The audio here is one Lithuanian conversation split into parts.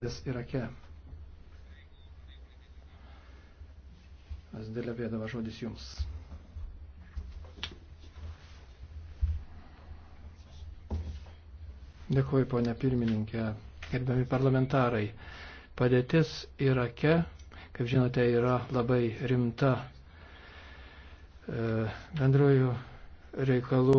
Irake. Asdėlė vėdava žodis jums. Dėkuoju, ponė pirmininkė, gerbiami parlamentarai. Padėtis Irake, kaip žinote, yra labai rimta e, bendrojų reikalų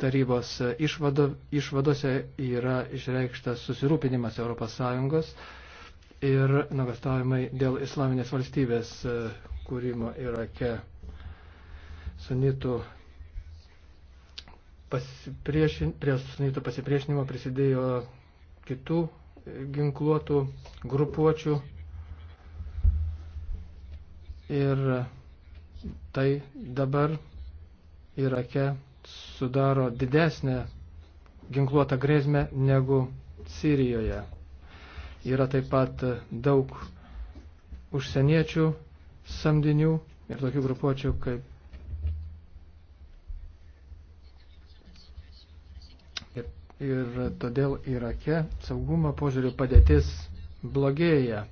tarybos išvado, išvadose yra išreikštas susirūpinimas ES ir nugastavimai dėl islaminės valstybės e, kūrimo Irake sunitų pasipriešin, prie sunitų pasipriešinimo prisidėjo kitų ginkluotų grupuočių ir tai dabar Irake sudaro didesnę ginkluotą grėsmę negu Sirijoje. Yra taip pat daug užsieniečių samdinių ir tokių grupuočių kaip ir, ir todėl Irake saugumo požiūrių padėtis blogėja.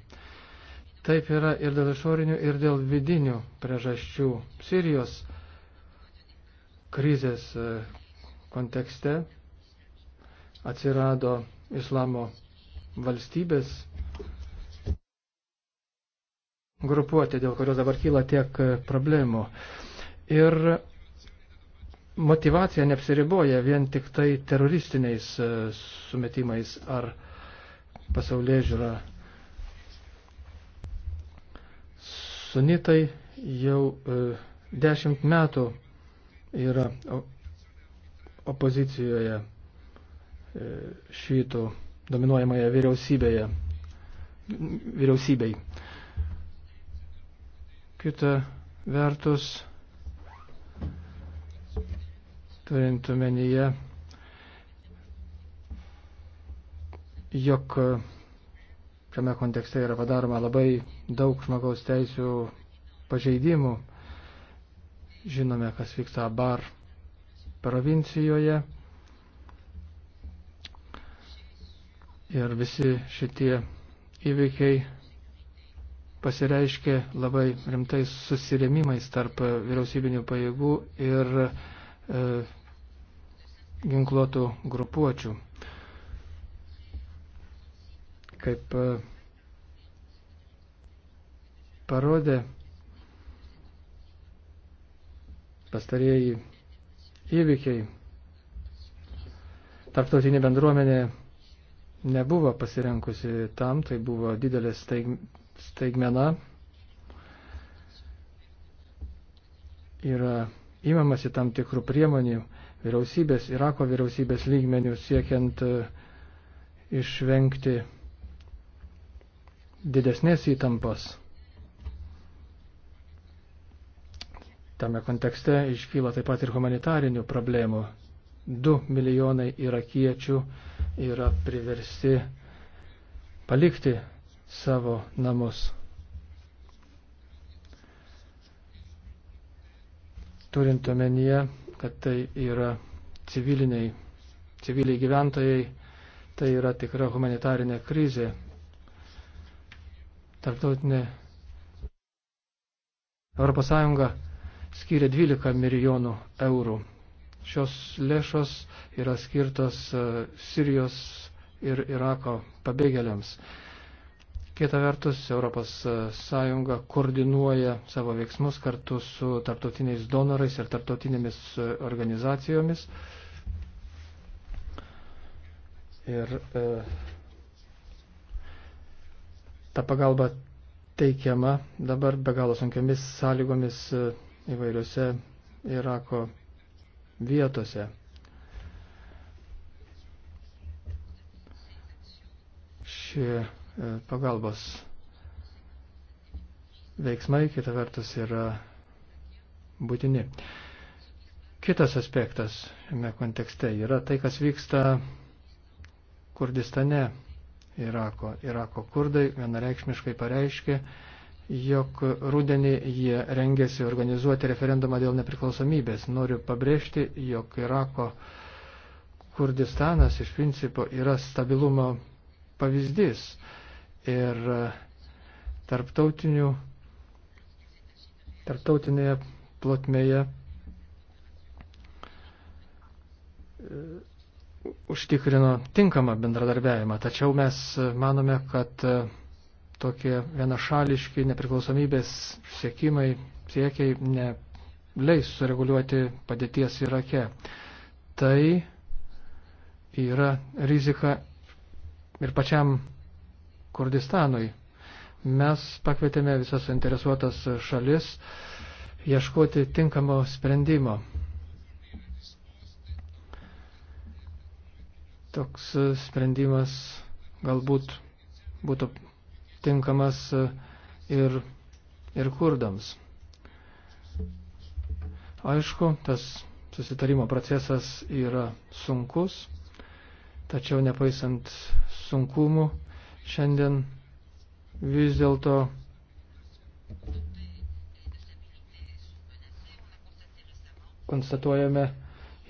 Taip yra ir dėl išorinių, ir dėl vidinių priežasčių. Sirijos krizės e, kontekste atsirado islamo valstybės grupuotė, dėl kurios dabar kyla tiek e, problemų. Ir motivacija neapsiriboja vien tik tai teroristiniais e, sumetimais ar pasaulyje žiūra. Sunitai jau dešimt metų yra opozicijoje e, šito dominuojamoje vyriausybėje, vyriausybei. Kita vertus, turint omenyje, jog šiame kontekste yra padaroma labai daug žmogaus teisų pažeidimų, Žinome, kas vyksta Bar provincijoje. Ir visi šitie įvykiai pasireiškė labai rimtais susirėmimais tarp vyriausybinių pajėgų ir e, ginkluotų grupuočių. Kaip e, parodė pastarėjai įvykiai, tarptautinė bendruomenė nebuvo pasirenkusi tam, tai buvo didelė staig, staigmena. Yra įmamasi tam tikrų priemonių vyriausybės, Irako vyriausybės lygmenių siekiant e, išvengti didesnės įtampos. Tame kontekste iškyla taip pat ir humanitarinių problemų. 2 milijonai irakiečių yra priversti palikti savo namus. Turint omenyje, kad tai yra civiliniai, civiliai gyventojai, tai yra tikra humanitarinė krizė. Tarptautinė Europos Sąjunga skyrė 12 milijonų eurų. Šios lėšos yra skirtos e, Sirijos ir Irako pabėgėliams. Kita vertus, ES e, koordinuoja savo veiksmus kartu su tarptautiniais donorais ir tarptautinėmis e, organizacijomis. Ir e, ta pagalba teikiama dabar be galo sunkiamis sąlygomis. E, įvairiose Irako vietose. Šie pagalbos veiksmai kita vertus yra būtini. Kitas aspektas šiame kontekste yra tai, kas vyksta Kurdistane, Irako. Irako kurdai vienareikšmiškai pareiškė, jog rudenį jie rengėsi organizuoti referendumą dėl nepriklausomybės. Noriu pabrėžti, jog Irako Kurdistanas iš principo yra stabilumo pavyzdys ir e, tarptautinių, tarptautinėje plotmėje e, užtikrino tinkamą bendradarbiavimą. Tačiau mes e, manome, kad tokie vienašališki nepriklausomybės siekimai, siekiai neleis sureguliuoti padėties Irake. Tai yra rizika ir pačiam Kurdistanui. Mes pakvietėme visas interesuotas šalis ieškoti tinkamo sprendimo. Toks sprendimas galbūt būtų tinkamas e, ir, ir kurdams. Aišku, tas susitarimo procesas yra sunkus, tačiau nepaisant sunkumų, šiandien vis dėlto konstatuojame,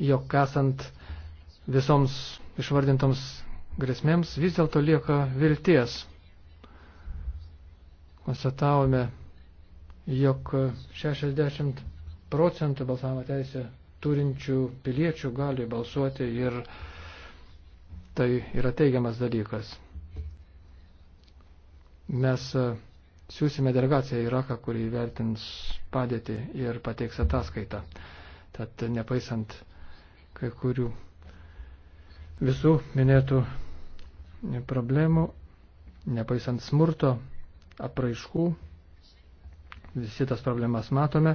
jog esant visoms išvardintoms grėsmėms vis dėlto lieka vilties konstatavome, jog 60 procentų balsavimo teisę turinčių piliečių gali balsuoti ir tai yra teigiamas dalykas. Mes e, siūsime delegaciją į Iraką, kurį vertins padėtį ir pateiks ataskaitą. Tad nepaisant kai kurių visų minėtų problemų, nepaisant smurto, apraiškų. Visi tas problemas matome.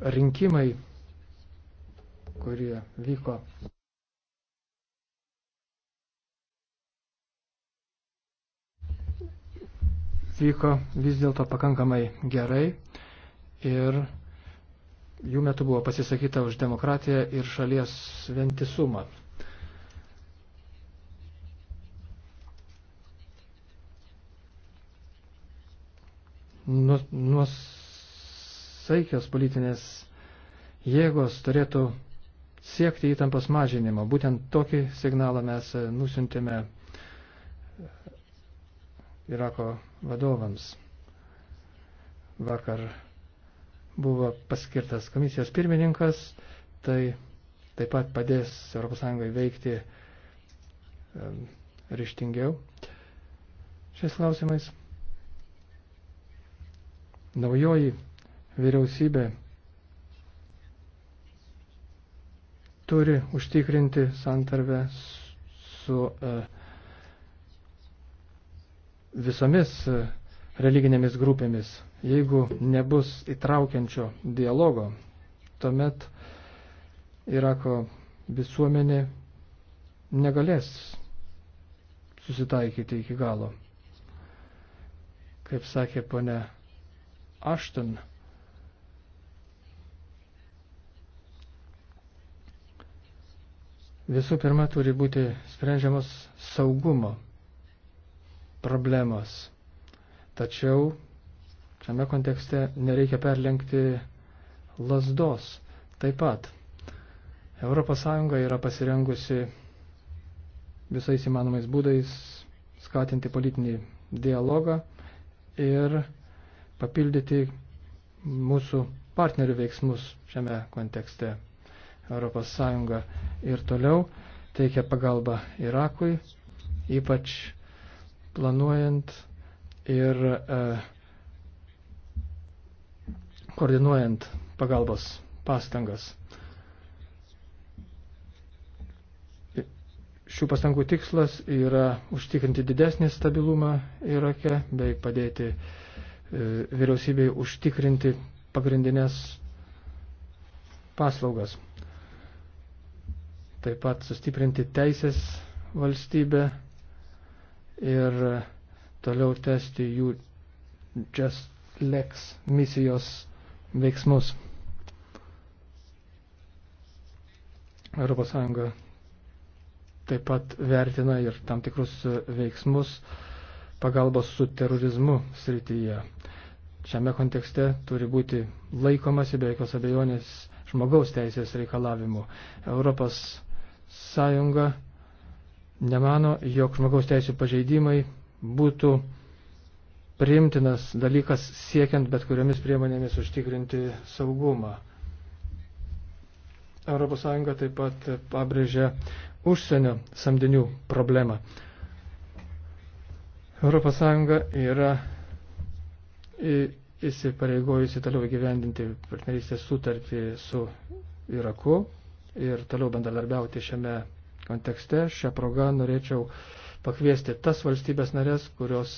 Rinkimai, kurie vyko vyko vis dėlto pakankamai gerai ir jų metu buvo pasisakyta už demokratiją ir šalies ventisumą. nusaikios politinės jėgos turėtų siekti įtampos mažinimo. Būtent tokį signalą mes e, nusintėme e, Irako vadovams. Vakar buvo paskirtas komisijos pirmininkas, tai taip pat padės ES veikti e, ryštingiau šiais klausimais. Naujoji vyriausybė turi užtikrinti santarvę su e, visomis e, religinėmis grupėmis. Jeigu nebus įtraukiančio dialogo, tuomet Irako visuomenė negalės susitaikyti iki galo. Kaip sakė ponia Ashton. Visų pirma, turi būti sprendžiamos saugumo problemos. Tačiau šiame kontekste nereikia perlenkti lasdos. Taip pat ES yra pasirengusi visais įmanomais būdais skatinti politinį dialogą ir papildyti mūsų partnerių veiksmus šiame kontekste. ES ir toliau teikia pagalbą Irakui, ypač planuojant ir e, koordinuojant pagalbos pastangas. Šių pastangų tikslas yra užtikrinti didesnį stabilumą Irake bei padėti e, E, vyriausybei užtikrinti pagrindinės paslaugas. Taip pat sustiprinti teisės valstybę ir toliau tęsti jų Just Lex misijos veiksmus. ES taip pat vertina ir tam tikrus veiksmus pagalbos su terorizmu srityje šiame kontekste turi būti laikomasi be jokios abejonės žmogaus teisės reikalavimų. Europos Sąjunga nemano, jog žmogaus teisų pažeidimai būtų priimtinas dalykas siekiant bet kuriomis priemonėmis užtikrinti saugumą. ES taip pat pabrėžia užsienio samdinių problemą. ES yra įsipareigojusi toliau gyvendinti partnerystės sutartį su Iraku ir toliau bendradarbiauti šiame kontekste. Šią progą norėčiau pakviesti tas valstybės narės, kurios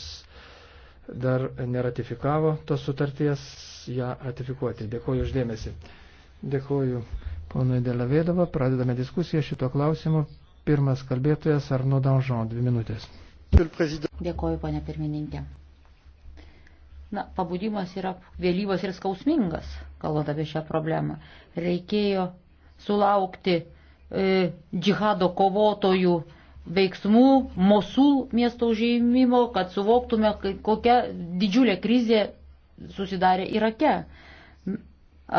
dar neratifikavo tos sutarties, ją ratifikuoti. Dėkuoju uždėmesi. Dėkuoju ponui Delavėdovą. Pradedame diskusiją šito klausimu. Pirmas kalbėtojas Arno Danžon, dvi minutės. Dėkuoju, ponė pirmininkė. Na, pabudimas yra vėlyvas ir skausmingas, kalbant apie šią problemą. Reikėjo sulaukti e, džihado kovotojų veiksmų, Mosul miesto užėjimimo, kad suvoktume, kokia didžiulė krizė susidarė Irake.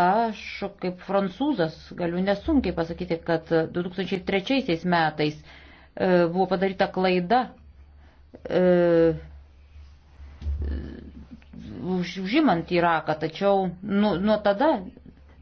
Aš kaip prancūzas galiu nesunkiai pasakyti, kad 2003 metais e, buvo padaryta klaida e, užimant Iraką, tačiau nu, nuo tada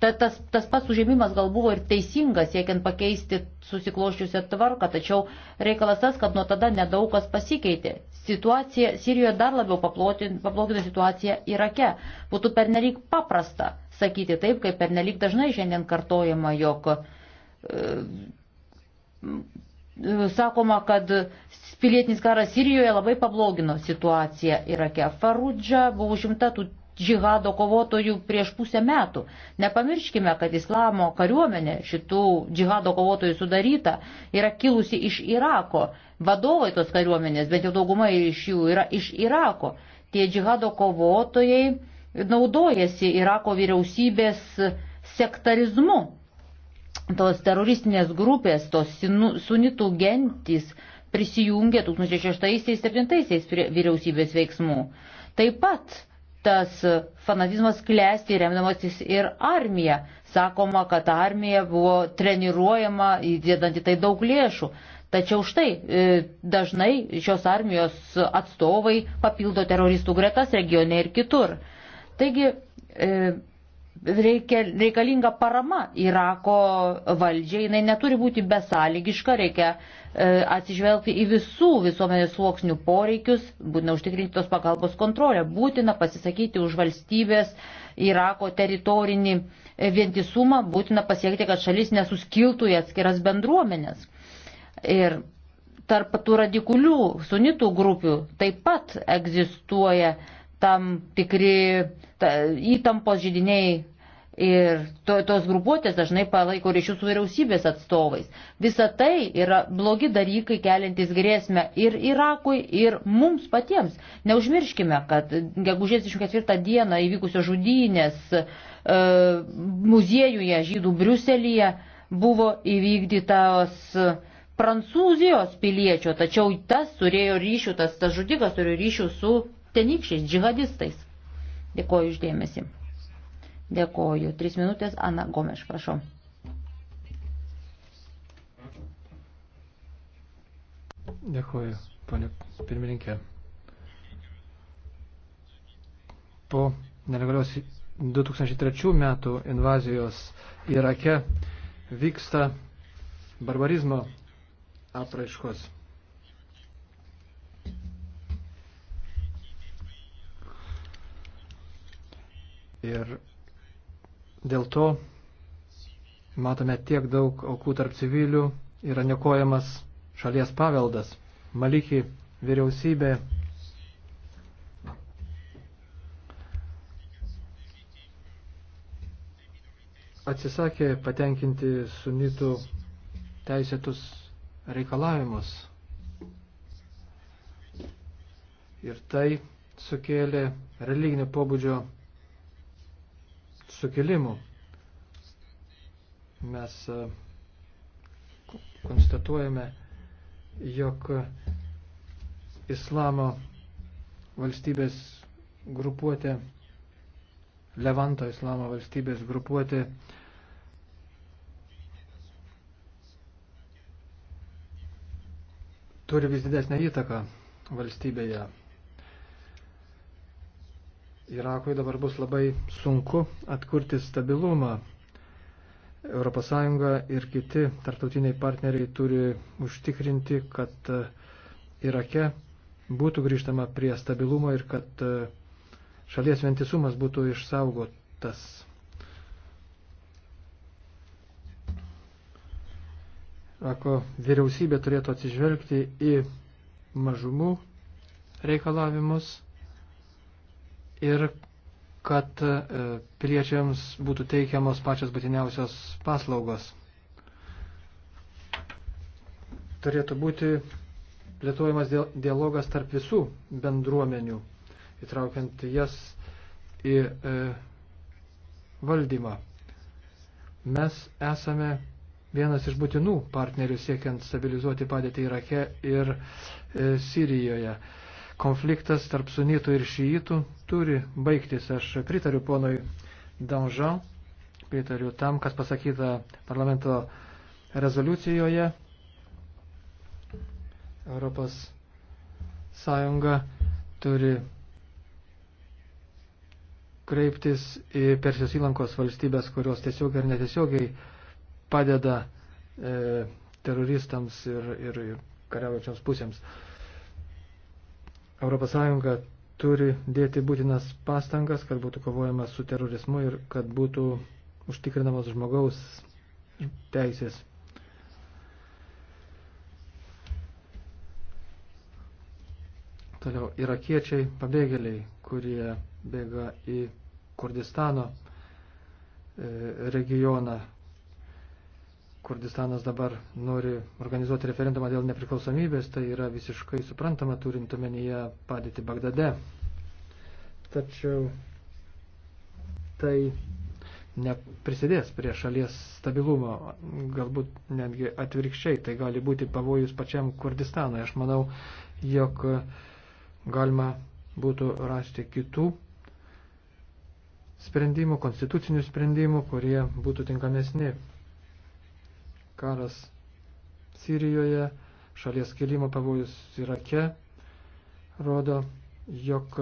ta, tas, tas pats užėmimas gal buvo ir teisingas, siekiant pakeisti susikloščiusią tvarką, tačiau reikalas tas, kad nuo tada nedaug kas pasikeitė. Situacija Sirijoje dar labiau pablogino situaciją Irake. Būtų pernelyg paprasta sakyti taip, kaip pernelyg dažnai šiandien kartojama, jog e, sakoma, kad pilietinis karas Sirijoje labai pablogino situaciją Irake. Farudža buvo užimta tų džihado kovotojų prieš pusę metų. Nepamirškime, kad islamo kariuomenė šitų džihado kovotojų sudaryta yra kilusi iš Irako. Vadovai tos kariuomenės, bet jau dauguma iš jų yra iš Irako. Tie džihado kovotojai naudojasi Irako vyriausybės sektarizmu. Tos teroristinės grupės, tos sunitų gentys prisijungė 2006-2007 prie vyriausybės veiksmų. Taip pat tas fanatizmas klesti remdamasis ir armija. Sakoma, kad armija buvo treniruojama įdėdant į tai daug lėšų. Tačiau štai e, dažnai šios armijos atstovai papildo teroristų gretas regione ir kitur. Taigi e, reikia, reikalinga parama Irako valdžiai, jinai neturi būti besąlygiška, reikia e, atsižvelgti į visų visuomenės sluoksnių poreikius, būtina užtikrinti tos pagalbos kontrolę, būtina pasisakyti už valstybės Irako teritorinį e, vientisumą, būtina pasiekti, kad šalis nesuskiltų į atskiras bendruomenės. Ir tarp tų radikulių sunitų grupių taip pat egzistuoja tam tikri ta, įtampos žydiniai Ir to, tos grupuotės dažnai palaiko ryšius su vyriausybės atstovais. Visa tai yra blogi dalykai keliantis grėsmę ir Irakui, ir mums patiems. Neužmirškime, kad gegužės 24 dieną įvykusio žudynės e, muziejuje žydų Briuselėje buvo įvykdytas prancūzijos piliečio, tačiau tas turėjo ryšių, tas, tas žudikas turėjo ryšių su tenykščiais džihadistais. Dėkoju išdėmesi. Dėkoju. Tris minutės, Ana Gomeš, prašau. Dėkoju, ponė pirmininkė. Po nelegalios 2003 metų invazijos Irake vyksta barbarizmo apraiškos. Ir Dėl to matome tiek daug aukų tarp civilių, yra nekojamas šalies paveldas. Maliki vyriausybė atsisakė patenkinti sunitų teisėtus reikalavimus. Ir tai sukėlė religinio pobūdžio sukilimų. Mes e, konstatuojame, jog islamo valstybės grupuotė, Levanto islamo valstybės grupuotė turi vis didesnę įtaką valstybėje Irakui dabar bus labai sunku atkurti stabilumą. ES ir kiti tarptautiniai partneriai turi užtikrinti, kad e, Irake būtų grįžtama prie stabilumo ir kad e, šalies vientisumas būtų išsaugotas. Ako vyriausybė turėtų atsižvelgti į mažumų reikalavimus ir kad e, piliečiams būtų teikiamos pačios būtiniausios paslaugos. Turėtų būti plėtojamas dialogas tarp visų bendruomenių, įtraukiant jas į e, valdymą. Mes esame vienas iš būtinų partnerių siekiant stabilizuoti padėtį Irake ir e, Sirijoje. E, konfliktas tarp sunytų ir šyitų turi baigtis. Aš pritariu ponui Danžan, pritariu tam, kas pasakyta parlamento rezoliucijoje. Europos Sąjunga turi kreiptis į Persijos įlankos valstybės, kurios tiesiog ir netiesiogiai padeda e, teroristams ir, ir, ir kariaujančioms pusėms. E, ES turi dėti būtinas pastangas, kad būtų kovojama su terorizmu ir kad būtų užtikrinamos žmogaus teisės. Toliau irakiečiai pabėgėliai, kurie bėga į Kurdistano e, regioną, Kurdistanas dabar nori organizuoti referendumą dėl nepriklausomybės, tai yra visiškai suprantama turint omenyje padėti Bagdade. Tačiau tai neprisidės prie šalies stabilumo, galbūt netgi atvirkščiai, tai gali būti pavojus pačiam Kurdistanui. Aš manau, jog galima būtų rasti kitų sprendimų, konstitucinių sprendimų, kurie būtų tinkamesni karas Sirijoje, šalies kilimo pavojus Irake rodo, jog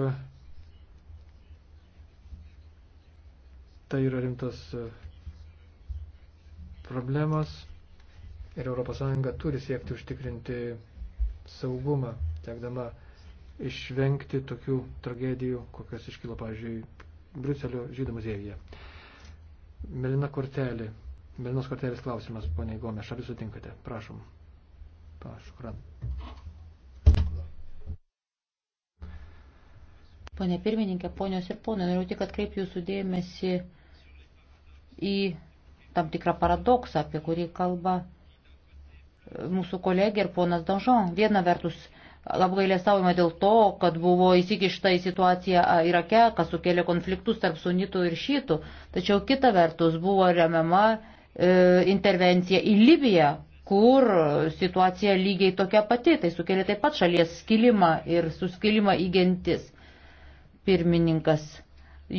tai yra rimtas e, problemas ir ES turi siekti užtikrinti saugumą, tekdama išvengti tokių tragedijų, kokios iškilo, pavyzdžiui, Briuselio žydų muziejuje. Melina kortelė Belinos kortelės klausimas, ponė Gomė, šalių sutinkate. Prašom. Prašom. Pone pirmininkė, ponios ir ponai, noriu tik atkreipti jūsų dėmesį į tam tikrą paradoksą, apie kurį kalba mūsų kolegė ir ponas Danžon. Viena vertus apgailėstaujama dėl to, kad buvo įsikišta į situaciją Irake, kas sukėlė konfliktus tarp sunitų ir šytų, tačiau kita vertus buvo remiama E, intervenciją į Libiją, kur situacija lygiai tokia pati, tai sukelia taip pat šalies skilimą ir suskilimą į gentis. Pirmininkas,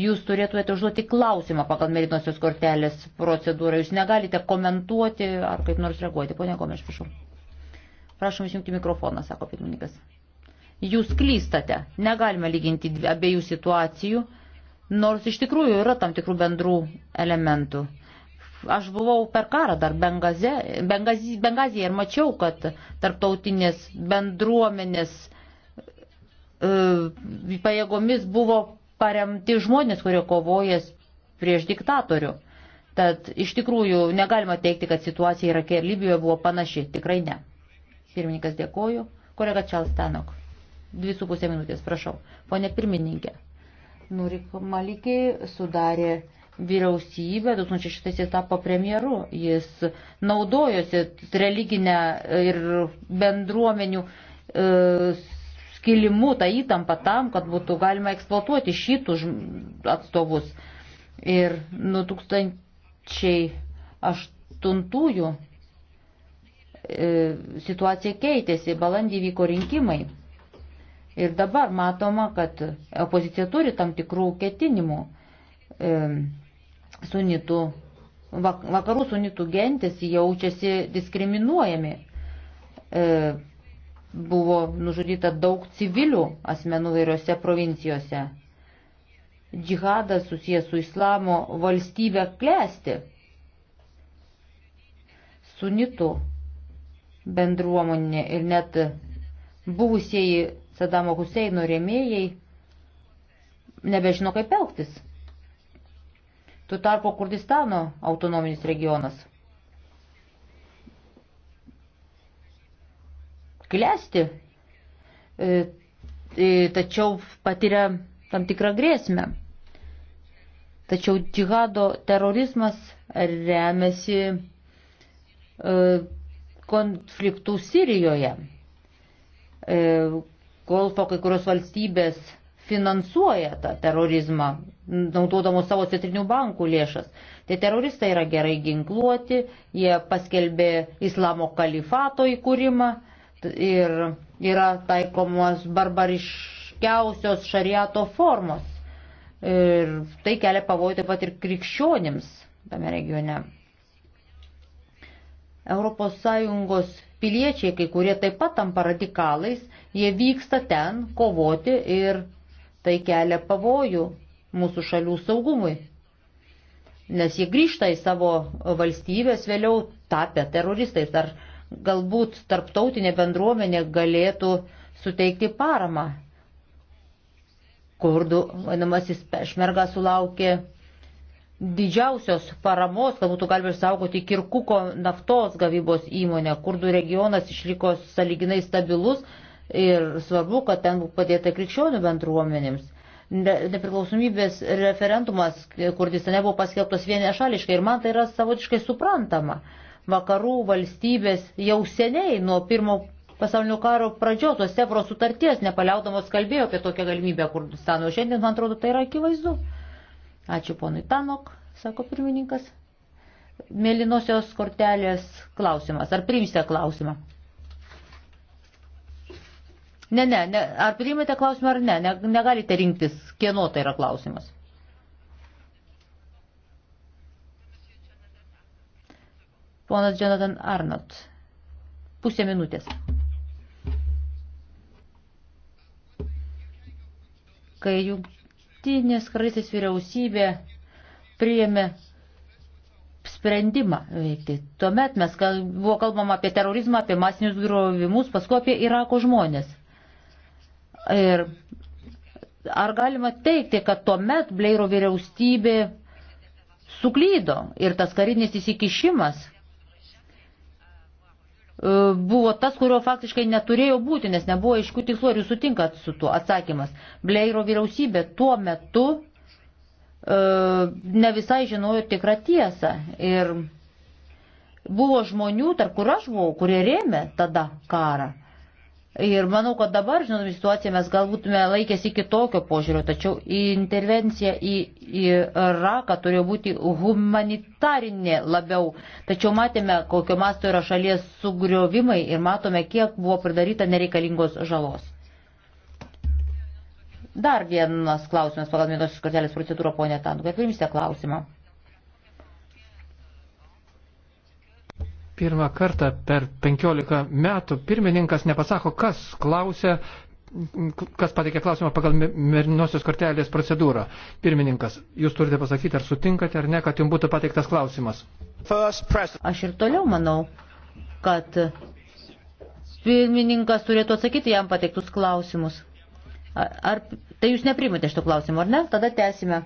jūs turėtumėte užduoti klausimą pagal merinosios kortelės procedūrą, jūs negalite komentuoti ar kaip nors reaguoti. Pone Gomeš, prašau. Prašom išjungti mikrofoną, sako pirmininkas. Jūs klystate, negalime lyginti abiejų situacijų, nors iš tikrųjų yra tam tikrų bendrų elementų Aš buvau per karą dar Bengaze, Bengazi, Bengazija ir mačiau, kad tarptautinės bendruomenės e, pajėgomis buvo paremti žmonės, kurie kovoja prieš diktatorių. Tad iš tikrųjų negalima teikti, kad situacija Irake ir Libijoje buvo panaši. Tikrai ne. Pirmininkas dėkoju. Kolega Čelstanok. Dvi su pusė minutės, prašau. Pone pirmininkė. Nurik Malikė sudarė vyriausybę, 2006 jis tapo premjeru, jis naudojosi religinę ir bendruomenių e, skilimu, tą įtampą tam, kad būtų galima eksploatuoti šitų atstovus. Ir nuo 2008 e, situacija keitėsi, balandį vyko rinkimai. Ir dabar matoma, kad opozicija turi tam tikrų ketinimų. E, sunitų, vakarų sunitų gentis jaučiasi diskriminuojami. E, buvo nužudyta daug civilių asmenų vairiose provincijose. Džihadas susijęs su islamo valstybė klesti. Sunitų bendruomonė ir net buvusieji Sadamo Huseino rėmėjai nebežino, kaip elgtis. Tuo tarpu Kurdistano autonominis regionas klesti, e, e, tačiau patiria tam tikrą grėsmę. Tačiau džihado terorizmas remiasi e, konfliktų Sirijoje. Golfo kai kurios valstybės finansuoja tą terorizmą naudodamos savo centrinių bankų lėšas. Tai teroristai yra gerai ginkluoti, jie paskelbė islamo kalifato įkūrimą ir yra taikomos barbariškiausios šariato formos. Ir tai kelia pavojų taip pat ir krikščionims tame regione. ES piliečiai, kai kurie taip pat tampa radikalais, jie vyksta ten kovoti ir tai kelia pavojų mūsų šalių saugumui. Nes jie grįžta į savo valstybės vėliau tapę teroristais. Ar galbūt tarptautinė bendruomenė galėtų suteikti paramą. Kurdų vadinamasis pešmerga sulaukė didžiausios paramos, kad būtų galima išsaugoti Kirkuko naftos gavybos įmonę. Kurdų regionas išliko saliginai stabilus ir svarbu, kad ten būtų padėta krikščionių bendruomenėms nepriklausomybės referendumas Kurdistane buvo paskelbtas vienešališkai ir man tai yra savotiškai suprantama. Vakarų valstybės jau seniai nuo pirmo pasaulinio karo pradžios, tos Sevro sutarties, nepaliaudamos kalbėjo apie tokią galimybę Kurdistano. Šiandien, man atrodo, tai yra akivaizdu. Ačiū ponui Tanok, sako pirmininkas. Mėlynosios kortelės klausimas. Ar priimsite klausimą? Ne, ne, ne. Ar priimate klausimą ar ne? ne? Negalite rinktis, kieno tai yra klausimas. Ponas Jonathan Arnott. Pusė minutės. Kai jungtinės karalystės vyriausybė priėmė sprendimą veikti. Tuomet mes kal, buvo kalbama apie terorizmą, apie masinius grovimus, paskui apie Irako žmonės. Ir ar galima teikti, kad tuomet Bleiro vyriausybė suklydo ir tas karinis įsikišimas e, buvo tas, kurio faktiškai neturėjo būti, nes nebuvo aiškių tikslų, ar jūs sutinkat su tuo atsakymas. Bleiro vyriausybė tuo metu e, ne visai žinojo tikrą tiesą ir buvo žmonių, tarp kur aš buvau, kurie rėmė tada karą. Ir manau, kad dabar, žinodami situaciją, mes galbūtume laikėsi kitokio požiūrio, tačiau intervencija į Iraką turėjo būti humanitarinė labiau. Tačiau matėme, kokio masto yra šalies sugriovimai ir matome, kiek buvo pridaryta nereikalingos žalos. Dar vienas klausimas pagal mėnosios kortelės procedūrą, ponė Tandu, kaip jums klausimą? Pirmą kartą per 15 metų pirmininkas nepasako, kas klausia, kas pateikė klausimą pagal merinosios kortelės procedūrą. Pirmininkas, jūs turite pasakyti, ar sutinkate ar ne, kad jums būtų pateiktas klausimas. Aš ir toliau manau, kad pirmininkas turėtų atsakyti jam pateiktus klausimus. Ar, ar tai jūs neprimate šito klausimo, ar ne? Tada tęsime.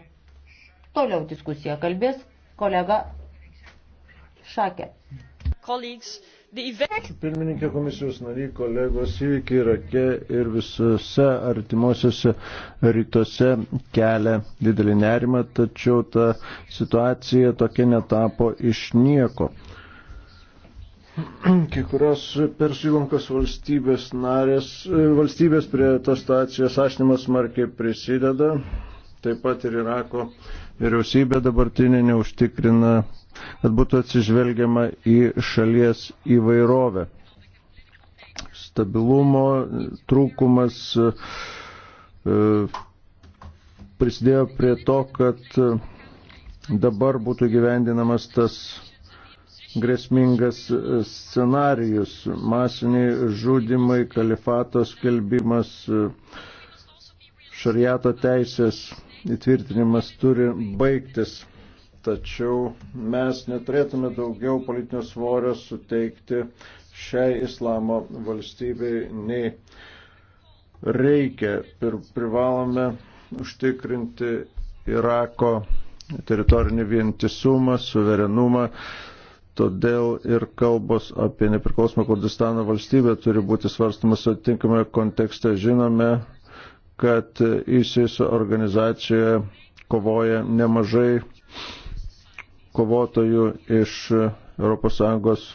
Toliau diskusiją kalbės kolega Šakė. Pirmininkė komisijos nariai, kolegos įvykiai Irake ir visose artimuosiuose rytuose kelia didelį nerimą, tačiau ta situacija tokia netapo iš nieko. Kai kurios persilankos valstybės narės, valstybės prie tos situacijos ašnimas markiai prisideda, taip pat ir Irako vyriausybė dabartinė neužtikrina kad būtų atsižvelgiama į šalies įvairovę. Stabilumo trūkumas e, prisidėjo prie to, kad dabar būtų gyvendinamas tas grėsmingas scenarijus, masiniai žudimai, kalifatos kelbimas, šariato teisės įtvirtinimas turi baigtis tačiau mes neturėtume daugiau politinio svorio suteikti šiai islamo valstybei nei reikia ir privalome užtikrinti Irako teritorinį vientisumą, suverenumą. Todėl ir kalbos apie nepriklausomą Kurdistano valstybę turi būti svarstamas atitinkamai kontekste. Žinome, kad ISIS organizacijoje kovoja nemažai kovotojų iš ES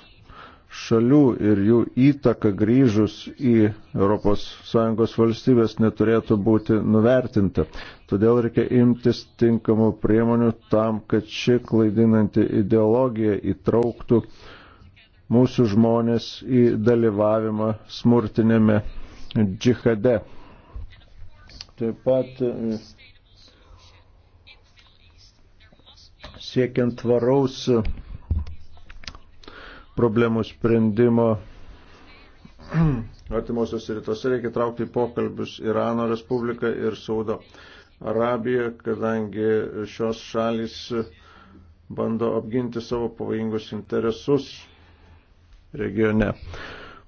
šalių ir jų įtaka grįžus į ES valstybės neturėtų būti nuvertinta. Todėl reikia imtis tinkamų priemonių tam, kad ši klaidinanti ideologija įtrauktų mūsų žmonės į dalyvavimą smurtinėme džihade. Taip pat siekiant tvaraus problemų sprendimo artimuosios rytuose reikia traukti į pokalbius Irano Respubliką ir Saudo Arabiją, kadangi šios šalis bando apginti savo pavojingus interesus regione.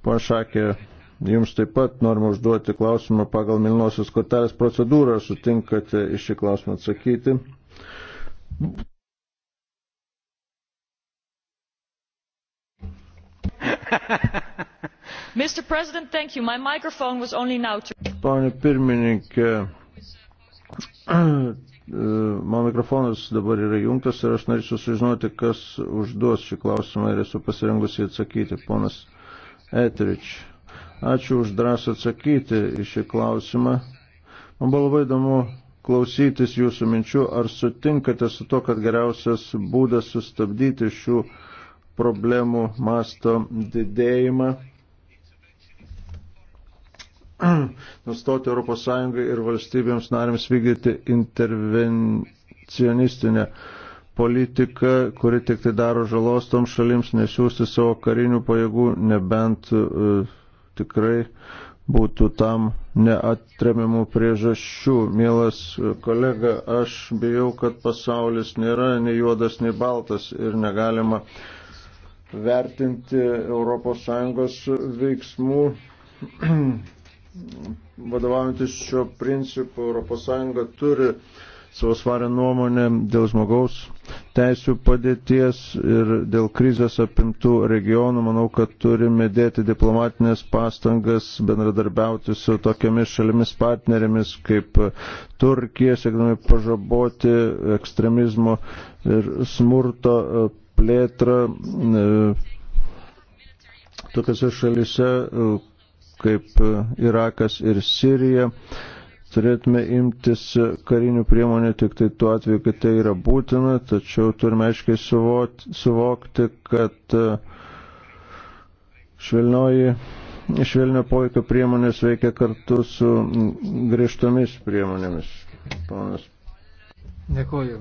Ponšakė, jums taip pat norime užduoti klausimą pagal Milnosios kortelės procedūrą, sutinkate iš šį klausimą atsakyti. Mr. President, thank you. My microphone was only now to... Pane pirmininkė, e, mano mikrofonas dabar yra jungtas ir aš norėčiau sužinoti, kas užduos šį klausimą ir esu pasirengusi atsakyti, ponas Etrič. Ačiū už drąsą atsakyti į šį klausimą. Man buvo labai įdomu klausytis jūsų minčių, ar sutinkate su to, kad geriausias būdas sustabdyti šių problemų masto didėjimą, nustoti ES ir valstybėms narėms vykdyti intervencionistinę politiką, kuri tik tai daro žalos toms šalims, nesiūsti savo karinių pajėgų, nebent uh, tikrai būtų tam neatremiamų priežasčių. Mielas kolega, aš bijau, kad pasaulis nėra nei juodas, nei baltas ir negalima uh, vertinti ES veiksmų vadovaujantis šio principu. ES turi savo svarę nuomonę dėl žmogaus teisų padėties ir dėl krizės apimtų regionų. Manau, kad turime dėti diplomatinės pastangas, bendradarbiauti su tokiamis šalimis partnerėmis kaip Turkija, siekdami pažaboti ekstremizmo ir smurto plėtrą e, tokiose šalise e, kaip e, Irakas ir Sirija. Turėtume imtis karinių priemonių tik tai tuo atveju, kad tai yra būtina, tačiau turime aiškiai suvokti, kad švelnioji švelnio poveikio priemonės veikia kartu su griežtomis priemonėmis. Ponas. Dėkuoju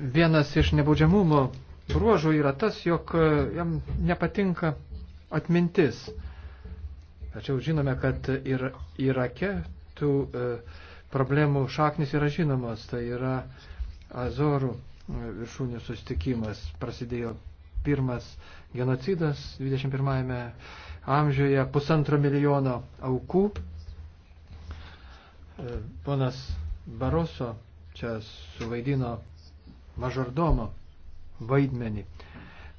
vienas iš nebaudžiamumo bruožų yra tas, jog e, jam nepatinka atmintis. Tačiau žinome, kad ir Irake tų e, problemų šaknis yra žinomos. Tai yra Azorų e, viršūnių sustikimas. Prasidėjo pirmas genocidas 21 amžiuje, pusantro milijono aukų. E, ponas Baroso čia suvaidino mažordomo vaidmenį.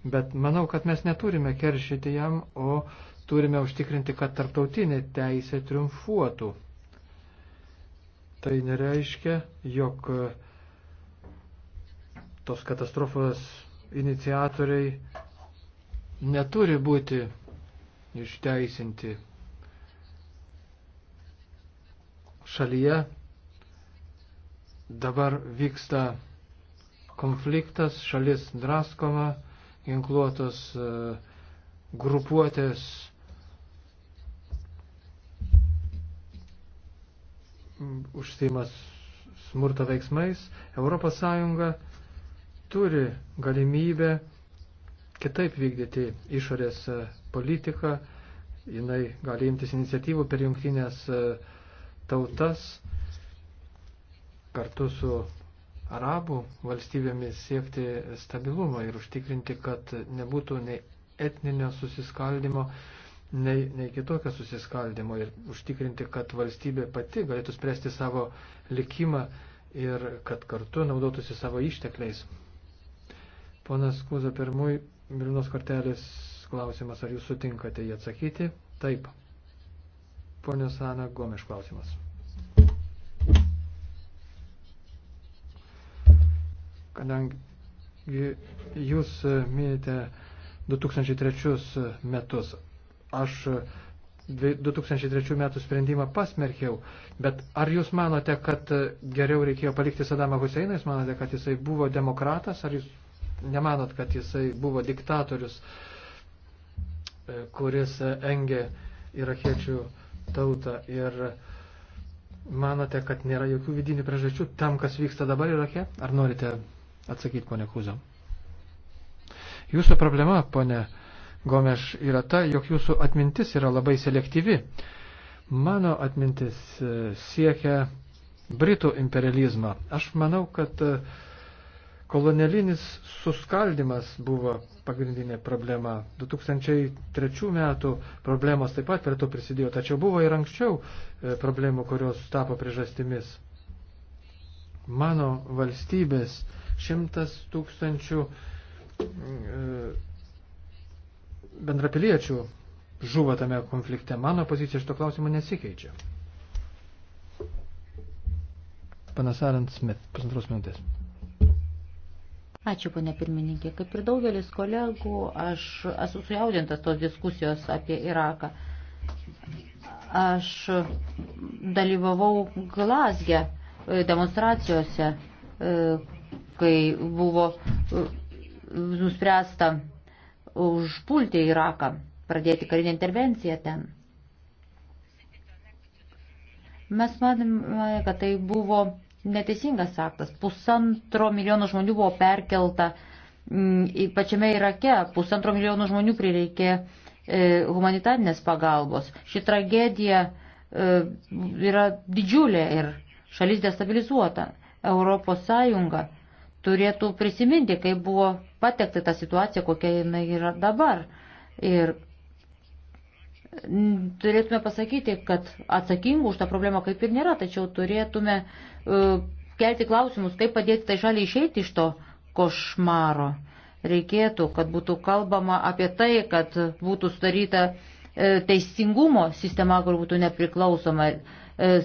Bet manau, kad mes neturime keršyti jam, o turime užtikrinti, kad tarptautinė teisė triumfuotų. Tai nereiškia, jog e, tos katastrofos iniciatoriai neturi būti išteisinti šalyje. Dabar vyksta konfliktas, šalis draskoma, ginkluotos e, grupuotės užsimas smurto veiksmais, ES turi galimybę kitaip vykdyti išorės e, politiką, jinai gali imtis iniciatyvų per jungtinės e, tautas kartu su arabų valstybėmis siekti stabilumo ir užtikrinti, kad nebūtų nei etninio susiskaldimo, nei, nei kitokio susiskaldimo ir užtikrinti, kad valstybė pati galėtų spręsti savo likimą ir kad kartu naudotųsi savo ištekliais. Ponas Kuzo, pirmui Milinos kortelės klausimas, ar jūs sutinkate jį atsakyti? Taip. Ponios Ana Gomeš klausimas. kadangi jūs e, minite 2003 e, metus. Aš 2003 e, metų sprendimą pasmerkiau, bet ar jūs manote, kad geriau reikėjo palikti Sadamą Huseiną, jūs manote, kad jisai buvo demokratas, ar jūs nemanot, kad jisai buvo diktatorius, kuris engė irakiečių tautą ir manote, kad nėra jokių vidinių priežasčių tam, kas vyksta dabar Irake, ar norite atsakyti, ponė Kūzo. Jūsų problema, ponė Gomeš, yra ta, jog jūsų atmintis yra labai selektyvi. Mano atmintis e, siekia Britų imperializmą. Aš manau, kad e, kolonialinis suskaldimas buvo pagrindinė problema. 2003 metų problemos taip pat prie to prisidėjo, tačiau buvo ir anksčiau e, problemų, kurios tapo priežastimis. Mano valstybės Šimtas tūkstančių e, bendrapiliečių žuvo tame konflikte. Mano pozicija šito klausimo nesikeičia. Panasarant Smith, pusantros minutės. Ačiū, ponė pirmininkė. Kaip ir daugelis kolegų, aš esu sujaudintas tos diskusijos apie Iraką. Aš dalyvavau Glasge e, demonstracijose, e, kai buvo e, nuspręsta užpulti Iraką, pradėti karinę intervenciją ten. Mes matėme, kad tai buvo neteisingas aktas. Pusantro milijono žmonių buvo perkelta mm, į pačiame Irake, pusantro milijono žmonių prireikė e, humanitarnės pagalbos. Ši tragedija e, yra didžiulė ir šalis destabilizuota. Europos Sąjunga turėtų prisiminti, kaip buvo patekta ta situacija, kokia jinai yra dabar. Ir turėtume pasakyti, kad atsakingų už tą problemą kaip ir nėra, tačiau turėtume uh, kelti klausimus, kaip padėti tai šaliai išeiti iš to košmaro. Reikėtų, kad būtų kalbama apie tai, kad būtų sudaryta uh, teisingumo sistema, kur būtų nepriklausoma. Uh,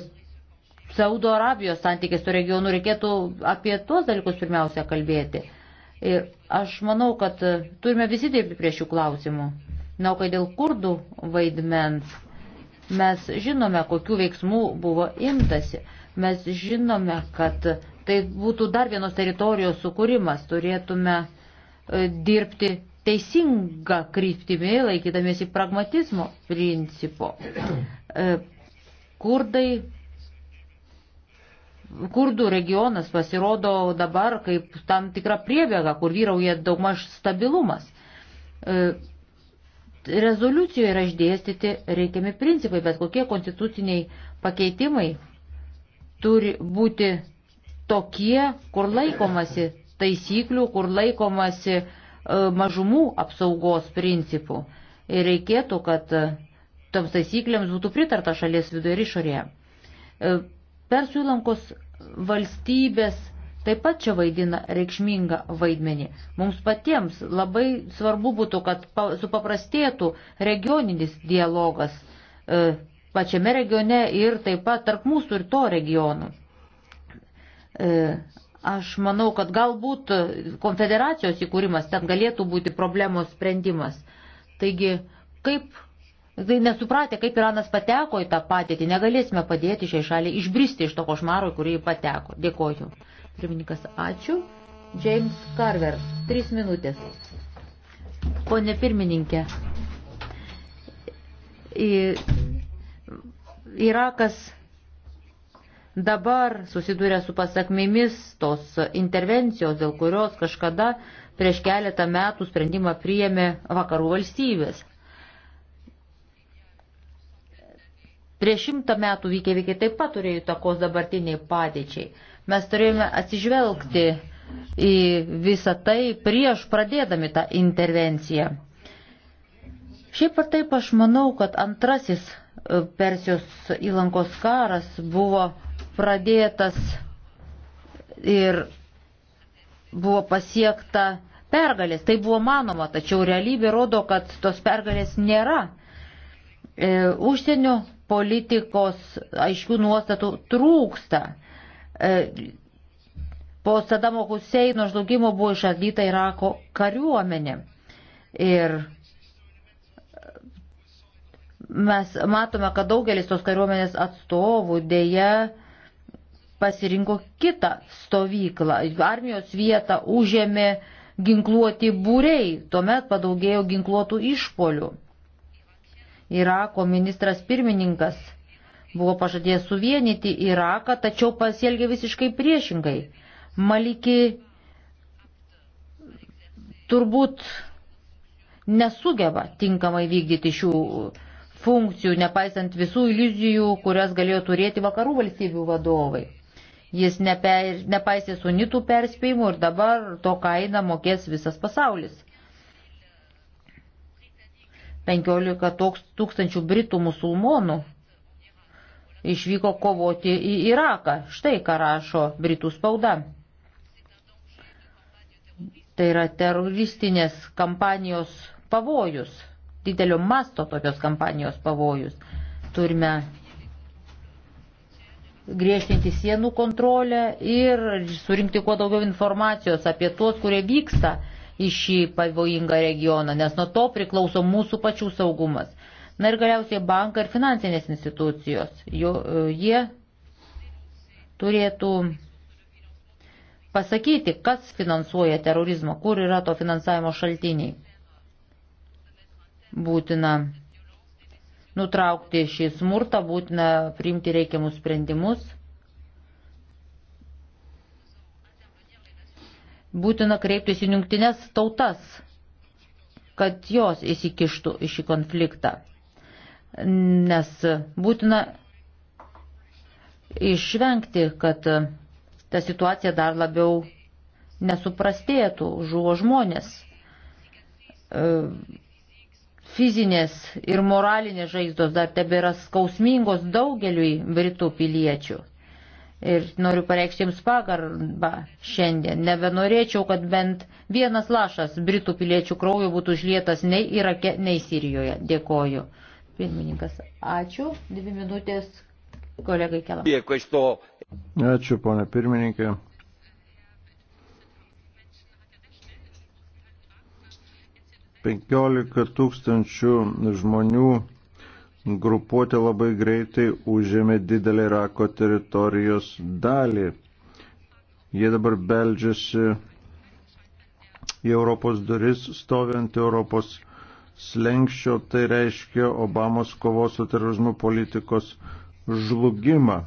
Saudo Arabijos santykis su regionu, reikėtų apie tuos dalykus pirmiausia kalbėti. Ir aš manau, kad turime visi dirbti prie šių klausimų. Na, kai dėl kurdų vaidmens, mes žinome, kokiu veiksmu buvo imtasi. Mes žinome, kad tai būtų dar vienos teritorijos sukūrimas. Turėtume e, dirbti teisingą kryptimį, laikydamėsi pragmatizmo principo. E, kurdai Kurdų regionas pasirodo dabar kaip tam tikra priebėga, kur vyrauja daugmaž stabilumas. E, rezoliucijoje yra išdėstyti reikiami principai, bet kokie konstituciniai pakeitimai turi būti tokie, kur laikomasi taisyklių, kur laikomasi e, mažumų apsaugos principų. Ir reikėtų, kad toms taisyklėms būtų pritarta šalies viduje ir išorėje e, Persų įlankos valstybės taip pat čia vaidina reikšmingą vaidmenį. Mums patiems labai svarbu būtų, kad supaprastėtų regioninis dialogas e, pačiame regione ir taip pat tarp mūsų ir to regionų. E, aš manau, kad galbūt konfederacijos įkūrimas ten galėtų būti problemos sprendimas. Taigi, kaip Tai nesupratę, kaip Iranas pateko į tą patėtį, negalėsime padėti šiai šaliai išbristi iš to košmaro, kurį pateko. Dėkoju. Pirmininkas, ačiū. James Carver, trys minutės. Pone pirmininkė, Irakas dabar susiduria su pasakmėmis tos intervencijos, dėl kurios kažkada prieš keletą metų sprendimą priėmė vakarų valstybės. Prieš šimtą metų vykę vykiai taip pat turėjo įtakos dabartiniai padėčiai. Mes turėjome atsižvelgti į visą tai prieš pradėdami tą intervenciją. Šiaip ar taip aš manau, kad antrasis e, Persijos įlankos karas buvo pradėtas ir buvo pasiekta pergalės. Tai buvo manoma, tačiau realybė rodo, kad tos pergalės nėra. E, užsienio politikos aiškių nuostatų trūksta. E, po Sadamo Huseino žlugimo buvo išardyta Irako kariuomenė. Ir mes matome, kad daugelis tos kariuomenės atstovų dėja pasirinko kitą stovyklą. Armijos vietą užėmė ginkluoti būrei, tuomet padaugėjo ginkluotų išpolių. Irako ministras pirmininkas buvo pažadėjęs suvienyti Iraką, tačiau pasielgė visiškai priešingai. Maliki turbūt nesugeba tinkamai vykdyti šių funkcijų, nepaisant visų iliuzijų, kurias galėjo turėti vakarų valstybių vadovai. Jis neper, nepaisė sunitų perspėjimų ir dabar to kainą mokės visas pasaulis. 15 tūkstančių britų musulmonų išvyko kovoti į Iraką. Štai ką rašo britų spauda. Tai yra teroristinės kampanijos pavojus, didelio masto tokios kampanijos pavojus. Turime griežtinti sienų kontrolę ir surinkti kuo daugiau informacijos apie tuos, kurie vyksta į šį pavojingą regioną, nes nuo to priklauso mūsų pačių saugumas. Na ir galiausiai bankai ir finansinės institucijos. Jo, jie turėtų pasakyti, kas finansuoja terorizmą, kur yra to finansavimo šaltiniai. Būtina nutraukti šį smurtą, būtina priimti reikiamus sprendimus. būtina kreiptis į jungtinės tautas, kad jos įsikištų į šį konfliktą. Nes būtina išvengti, kad ta situacija dar labiau nesuprastėtų, žuvo žmonės. E, fizinės ir moralinės žaizdos dar tebėra skausmingos daugeliui Britų piliečių. Ir noriu pareikšti jums pagarbą šiandien. Nebenorėčiau, kad bent vienas lašas Britų piliečių kraujo būtų užlietas nei Irake, nei Sirijoje. Dėkoju. Pirmininkas, ačiū. Dvi minutės kolegai Kelam. Ačiū, ponė pirmininkė. Penkiolika tūkstančių žmonių grupuotė labai greitai užėmė didelį Irako teritorijos dalį. Jie dabar beldžiasi į Europos duris, stovint Europos slengščio, tai reiškia Obamos kovos su terorizmu politikos žlugimą.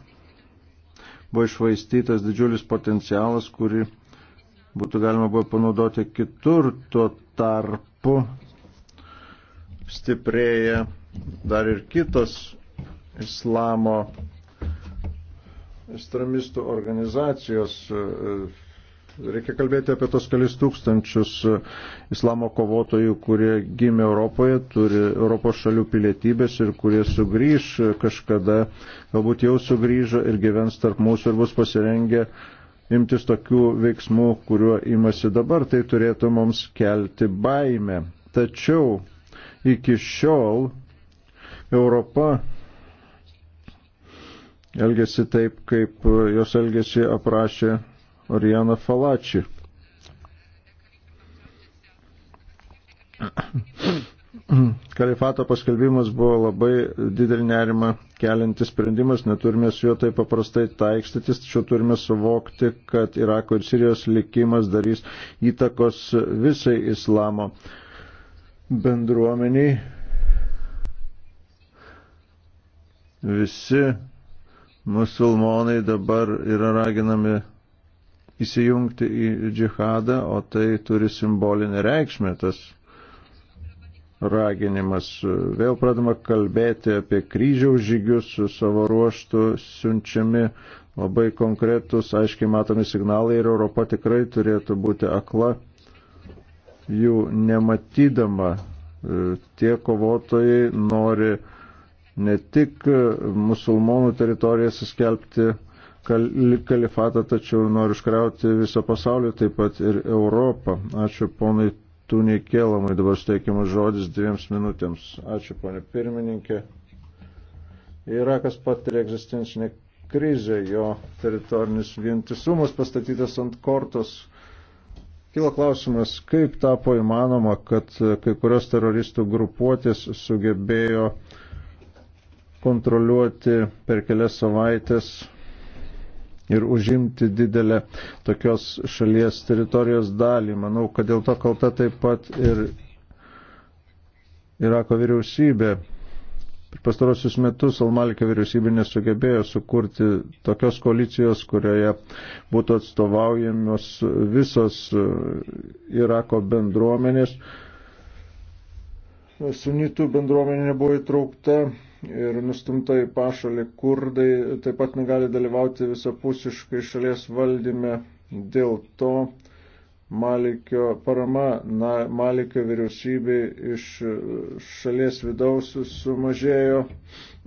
Buvo išvaistytas didžiulis potencialas, kurį būtų galima buvo panaudoti kitur, tuo tarpu stiprėja dar ir kitos islamo islamistų organizacijos. E, e, reikia kalbėti apie tos kelis tūkstančius e, islamo kovotojų, kurie gimė Europoje, turi Europos šalių pilietybės ir kurie sugrįž kažkada, galbūt jau sugrįžo ir gyvens tarp mūsų ir bus pasirengę imtis tokių veiksmų, kuriuo imasi dabar, tai turėtų mums kelti baimę. Tačiau iki šiol Europa elgesi taip, kaip jos elgesi aprašė Oriana Falači. Kalifato paskelbimas buvo labai didelį nerimą keliantis sprendimas, neturime su juo taip paprastai taikstytis, tačiau turime suvokti, kad Irako ir Sirijos likimas darys įtakos visai islamo bendruomeniai Visi musulmonai dabar yra raginami įsijungti į džihadą, o tai turi simbolinę reikšmę tas raginimas. Vėl pradama kalbėti apie kryžiaus žygius su savo ruoštų siunčiami labai konkretus, aiškiai matomi signalai ir Europa tikrai turėtų būti akla jų nematydama. E, tie kovotojai nori ne tik e, musulmonų teritoriją suskelbti kalifatą, tačiau nori iškrauti viso pasaulio, taip pat ir Europą. Ačiū ponai Tūnė Kėlamai, dabar steikiamas žodis dviems minutėms. Ačiū ponė pirmininkė. Irakas patiria egzistencinę krizę, jo teritorinis vientisumas pastatytas ant kortos. Kilo klausimas, kaip tapo įmanoma, kad e, kai kurios teroristų grupuotės sugebėjo kontroliuoti per kelias savaitės ir užimti didelę tokios šalies teritorijos dalį. Manau, kad dėl to kalta taip pat ir Irako vyriausybė. Per pastarosius metus Almalikė vyriausybė nesugebėjo sukurti tokios koalicijos, kurioje būtų atstovaujamos visos Irako bendruomenės. Sunitų bendruomenė nebuvo įtraukta ir nustumta į pašalį kurdai taip pat negali dalyvauti visapusiškai šalies valdyme. Dėl to Malikio parama na, Malikio vyriausybei iš šalies vidaus sumažėjo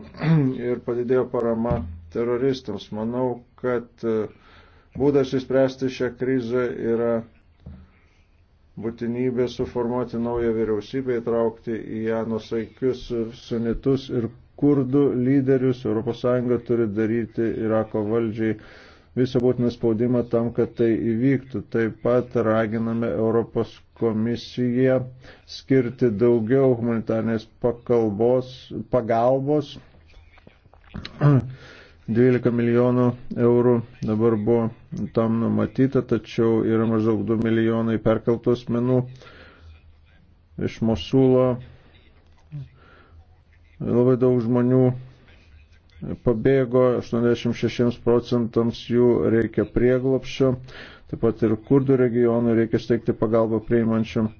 ir padidėjo parama teroristams. Manau, kad e, būdas įspręsti šią krizę yra būtinybė suformuoti naują vyriausybę, įtraukti į ją nusaikius sunitus ir kurdų lyderius. ES turi daryti Irako valdžiai visą būtiną spaudimą tam, kad tai įvyktų. Taip pat raginame Europos komisiją skirti daugiau humanitarnės pakalbos, pagalbos. 12 milijonų eurų dabar buvo tam numatyta, tačiau yra maždaug 2 milijonai perkeltos menų iš Mosulo Labai daug žmonių pabėgo, 86 procentams jų reikia prieglopščio, taip pat ir kurdų regionų reikia steigti pagalbą priimančiam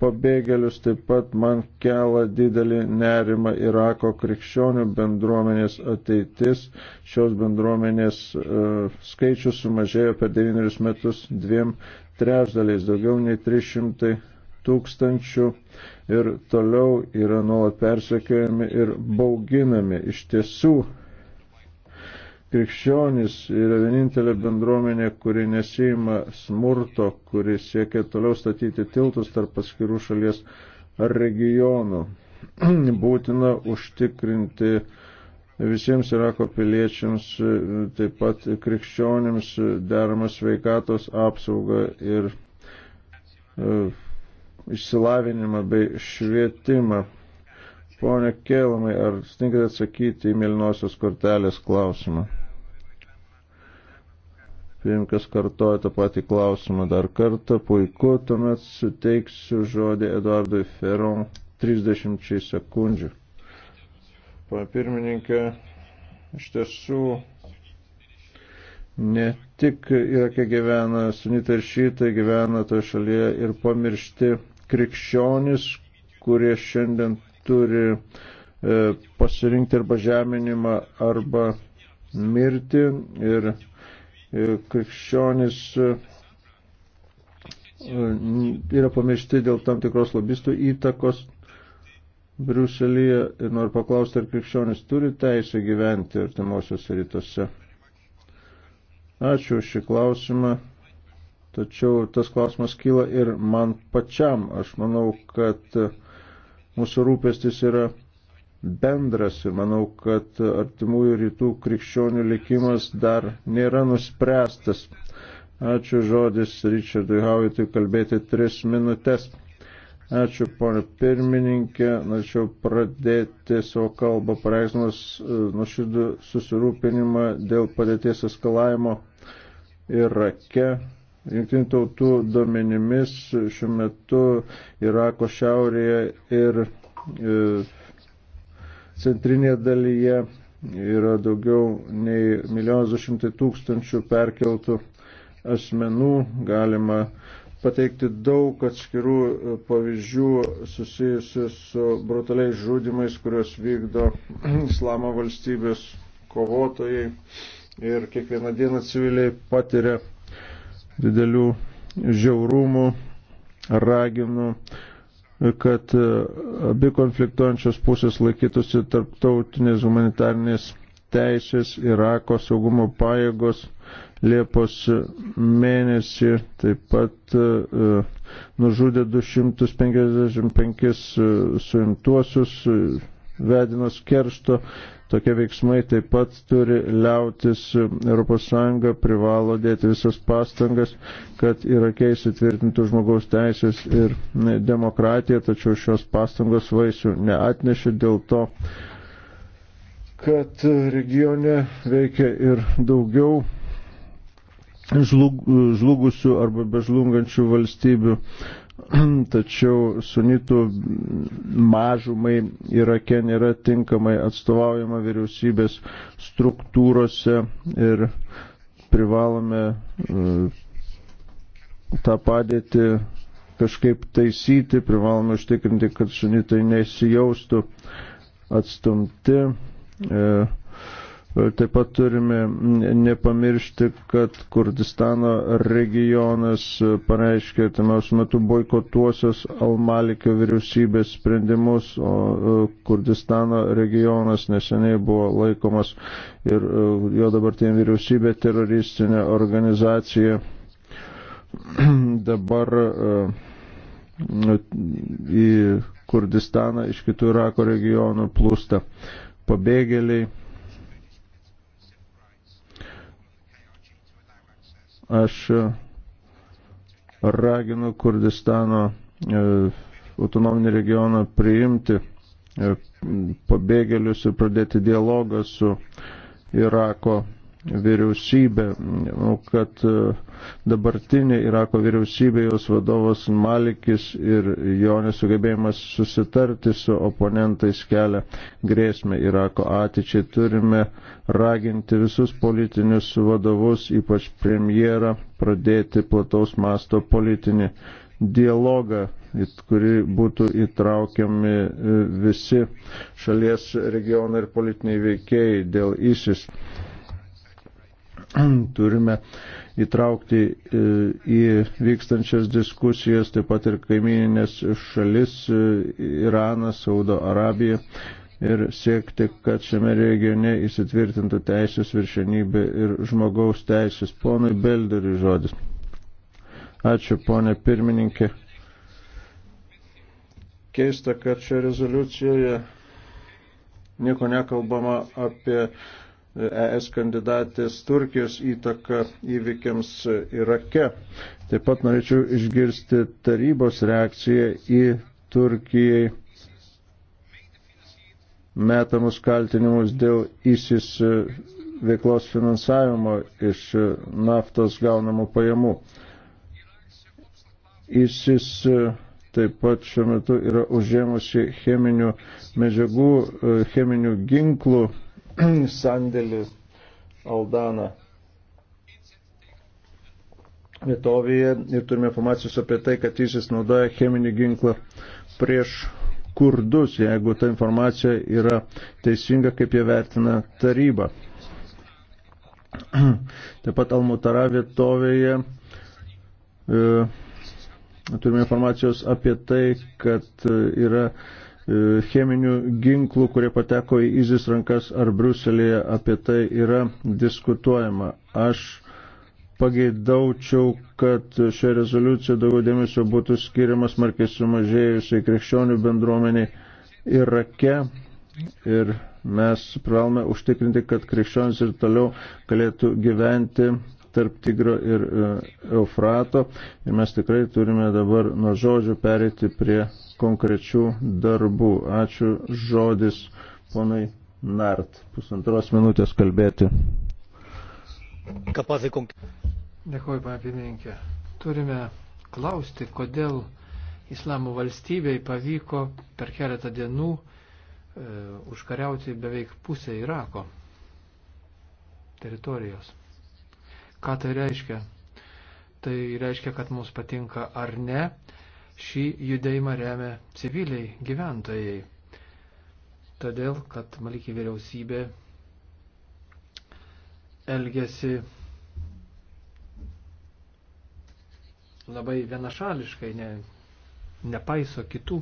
pabėgėlius, taip pat man kelia didelį nerimą Irako krikščionių bendruomenės ateitis. Šios bendruomenės uh, skaičius sumažėjo per 9 metus dviem trešdaliais, daugiau nei 300 tūkstančių ir toliau yra nuolat persekiojami ir bauginami. Iš tiesų, krikščionis yra vienintelė bendruomenė, kuri nesima smurto, kuri siekia toliau statyti tiltus tarp paskirų šalies regionų. Būtina užtikrinti visiems Irako piliečiams, taip pat krikščionims deramą sveikatos apsaugą ir uh, išsilavinimą bei švietimą. Pone Kėlamai, ar stinkate atsakyti į Milnosios kortelės klausimą? Pirmkas kartoja tą patį klausimą dar kartą. Puiku, tuomet suteiksiu žodį Eduardui Ferron 30 sekundžių. Pane pirmininkė, iš tiesų ne tik Irake gyvena sunitai ir šitai, gyvena toje šalyje ir pamiršti krikščionis, kurie šiandien turi e, pasirinkti arba žeminimą, arba mirti. Ir e, krikščionis e, yra pamiršti dėl tam tikros lobistų įtakos Briuselyje ir noriu paklausti, ar krikščionis turi teisę gyventi artimuosiuose rytuose. Ačiū už šį klausimą. Tačiau tas klausimas kyla ir man pačiam. Aš manau, kad mūsų rūpestis yra bendras ir manau, kad artimųjų rytų krikščionių likimas dar nėra nuspręstas. Ačiū žodis Richardui Havitui kalbėti tris minutės. Ačiū, ponė pirmininkė. Norėčiau pradėti savo kalbą pareikšdamas e, nuoširdų susirūpinimą dėl padėties eskalavimo Irake. Ir Junktinių tautų duomenimis šiuo metu Irako šiaurėje ir e, centrinėje dalyje yra daugiau nei milijonas du šimtai tūkstančių perkeltų asmenų. Galima pateikti daug atskirų e, pavyzdžių susijusių su brutaliais žudimais, kuriuos vykdo islamo valstybės kovotojai ir kiekvieną dieną civiliai patiria didelių žiaurumų, raginu, kad e, abi konfliktuojančios pusės laikytųsi tarptautinės humanitarnės teisės Irako saugumo pajėgos Liepos mėnesį taip pat e, e, nužudė 255 suimtuosius, vedinos keršto Tokie veiksmai taip pat turi liautis. ES privalo dėti visas pastangas, kad Irakiai sutvirtintų žmogaus teisės ir demokratiją, tačiau šios pastangos vaisių neatnešė dėl to, kad regione veikia ir daugiau žlug, žlugusių arba bežlungančių valstybių tačiau sunitų mažumai Irake nėra tinkamai atstovaujama vyriausybės struktūrose ir privalome e, tą padėtį kažkaip taisyti, privalome užtikrinti, kad sunitai nesijaustų atstumti. E, Taip pat turime nepamiršti, kad Kurdistano regionas pareiškė tamiausiu metu boikotuosios Almalikio vyriausybės sprendimus, o e, Kurdistano regionas neseniai buvo laikomas ir e, jo dabartinė vyriausybė teroristinė organizacija. Dabar e, į Kurdistaną iš kitų Irako regionų plūsta pabėgėliai Aš e, raginu Kurdistano e, autonominį regioną priimti e, pabėgėlius ir pradėti dialogą su Irako vyriausybę. Manau, kad e, dabartinė Irako vyriausybė, jos vadovas Malikis ir jo nesugebėjimas susitarti su oponentais kelia grėsmę Irako ateičiai. Turime raginti visus politinius vadovus, ypač premjerą, pradėti plataus masto politinį dialogą, į kurį būtų įtraukiami e, visi šalies regionai ir politiniai veikėjai dėl ISIS. turime įtraukti e, į vykstančias diskusijas taip pat ir kaimininės šalis e, Iraną, Saudo Arabiją ir siekti, kad šiame regione įsitvirtintų teisės viršenybė ir žmogaus teisės. Ponui Belderiui žodis. Ačiū, ponė pirmininkė. Keista, kad čia rezoliucijoje nieko nekalbama apie ES kandidatės Turkijos įtaka įvykiams Irake. Taip pat norėčiau išgirsti tarybos reakciją į Turkijai metamus kaltinimus dėl ISIS veiklos finansavimo iš naftos gaunamų pajamų. ISIS taip pat šiuo metu yra užėmusi cheminių medžiagų, cheminių ginklų sandėlį Aldana vietovėje ir turime informacijos apie tai, kad jis naudoja cheminį ginklą prieš kurdus, jeigu ta informacija yra teisinga, kaip jie vertina taryba. Taip pat Almutara vietovėje e, turime informacijos apie tai, kad e, yra e, E, cheminių ginklų, kurie pateko į Izis rankas ar Bruselėje, apie tai yra diskutuojama. Aš pageidaučiau, kad šioje rezoliucijoje daugiau dėmesio būtų skiriamas markiai sumažėjusiai krikščionių bendruomeniai Irake. Ir mes privalome užtikrinti, kad krikščionis ir toliau galėtų gyventi tarp Tigro ir e, Eufrato. Ir mes tikrai turime dabar nuo žodžių pereiti prie konkrečių darbų. Ačiū žodis ponai Nart. Pusantros minutės kalbėti. Dėkuoju, pana pirmininkė. Turime klausti, kodėl islamo valstybei pavyko per keletą dienų e, užkariauti beveik pusę Irako teritorijos. Ką tai reiškia? Tai reiškia, kad mums patinka ar ne, šį judėjimą remia civiliai gyventojai. Todėl, kad Malikį vyriausybė elgesi labai vienašališkai, ne, nepaiso kitų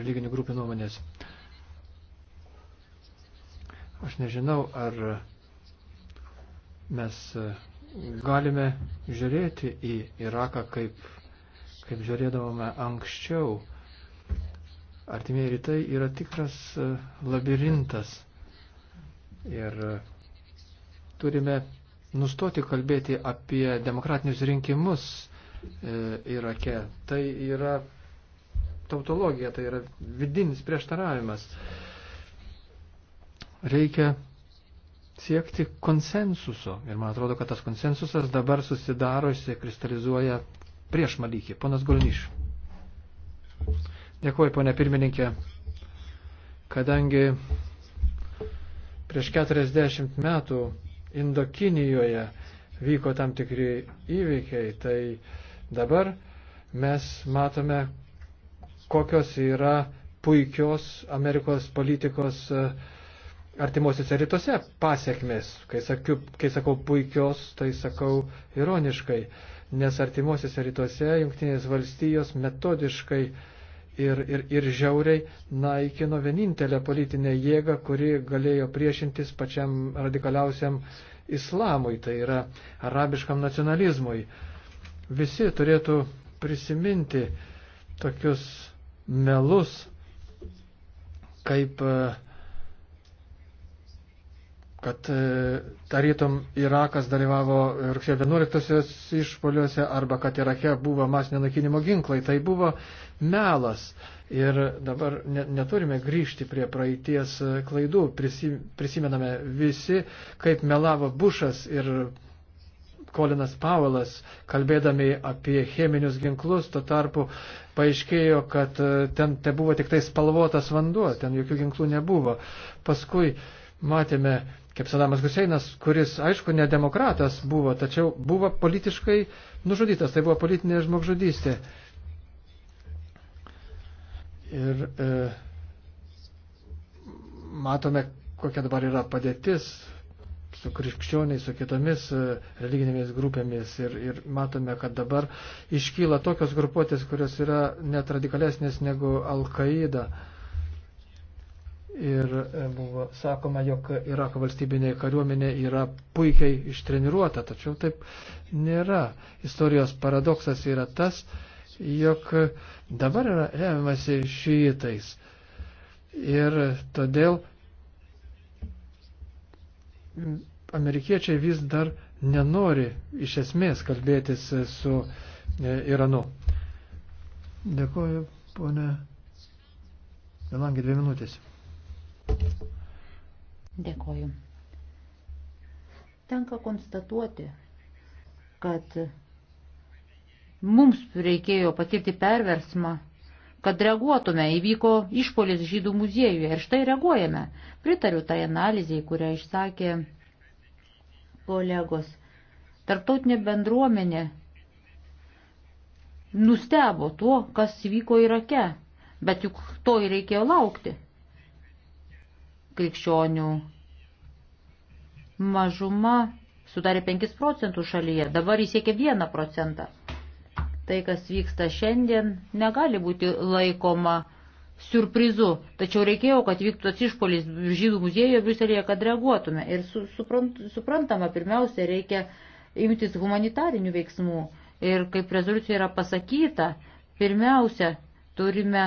religinių grupių nuomonės. Aš nežinau, ar Mes e, galime žiūrėti į Iraką kaip, kaip žiūrėdavome anksčiau. Artimieji rytai yra tikras e, labirintas. Ir e, turime nustoti kalbėti apie demokratinius rinkimus Irake. Tai yra tautologija, tai yra vidinis prieštaravimas. Reikia siekti konsensuso. Ir man atrodo, kad tas konsensusas dabar susidaro, kristalizuoja prieš Malikį. Ponas Gulniš. Dėkuoju, ponė pirmininkė. Kadangi prieš 40 metų Indokinijoje vyko tam tikri įvykiai, tai dabar mes matome, kokios yra puikios Amerikos politikos uh, artimuosiuose rytuose pasiekmes. Kai, sakiu, kai sakau puikios, tai sakau ironiškai, nes artimuosiuose rytuose Junktinės valstijos metodiškai ir, ir, ir žiauriai naikino vienintelę politinę jėgą, kuri galėjo priešintis pačiam radikaliausiam islamui, tai yra arabiškam nacionalizmui. Visi turėtų prisiminti tokius melus, kaip uh, kad e, tarytum Irakas dalyvavo rugsėjo 11-osios išpoliuose arba kad Irake buvo masinio naikinimo ginklai. Tai buvo melas. Ir dabar ne, neturime grįžti prie praeities e, klaidų. Prisi, prisimename visi, kaip melavo Bušas ir Kolinas Paulas, kalbėdami apie cheminius ginklus, tuo tarpu paaiškėjo, kad e, ten te buvo tik tai spalvotas vanduo, ten jokių ginklų nebuvo. Paskui matėme kaip Sadamas Huseinas, kuris, aišku, ne demokratas buvo, tačiau buvo politiškai nužudytas, tai buvo politinė žmogžudystė. Ir e, matome, kokia dabar yra padėtis su krikščioniais, su kitomis e, religinėmis grupėmis ir, ir matome, kad dabar iškyla tokios grupuotės, kurios yra net radikalesnės negu Al-Qaida. E, ir e, buvo sakoma, jog Irako valstybinė kariuomenė yra puikiai ištreniruota, tačiau taip nėra. Istorijos paradoksas yra tas, jog dabar yra remiamasi šyitais. Ir todėl amerikiečiai vis dar nenori iš esmės kalbėtis su e, Iranu. Dėkuoju, ponė. Vėlangi dvi minutės. Dėkoju. Tenka konstatuoti, kad mums reikėjo patirti perversmą, kad reaguotume, įvyko išpolis žydų muziejuje ir štai reaguojame. Pritariu tai analizai, kurią išsakė kolegos. Tarptautinė bendruomenė nustebo tuo, kas įvyko Irake, bet juk to ir reikėjo laukti krikščionių mažuma sudarė 5 procentų šalyje, dabar jis siekia 1 procentą. Tai, kas vyksta šiandien, negali būti laikoma surprizu, tačiau reikėjo, kad vyktų tas išpolis žydų muziejuje Briuselėje, kad reaguotume. Ir su, suprant, suprantama, pirmiausia, reikia imtis humanitarinių veiksmų. Ir kaip rezoliucija yra pasakyta, pirmiausia, turime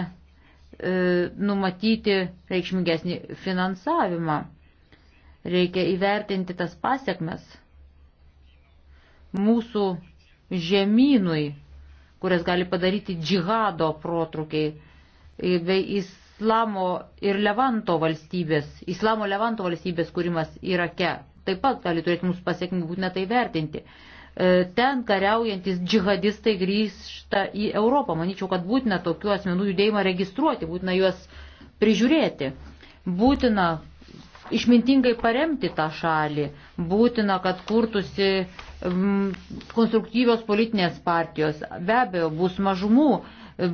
E, numatyti reikšmingesnį finansavimą. Reikia įvertinti tas pasiekmes mūsų žemynui, kurias gali padaryti džihado protrukiai e, bei islamo ir Levanto valstybės, islamo Levanto valstybės kūrimas Irake. Taip pat gali turėti mūsų pasiekmių būtina tai vertinti. E, ten kariaujantis džihadistai grįžta į Europą. Manyčiau, kad būtina tokių asmenų judėjimą registruoti, būtina juos prižiūrėti, būtina išmintingai paremti tą šalį, būtina, kad kurtųsi mm, konstruktyvios politinės partijos. Be abejo, bus mažumų,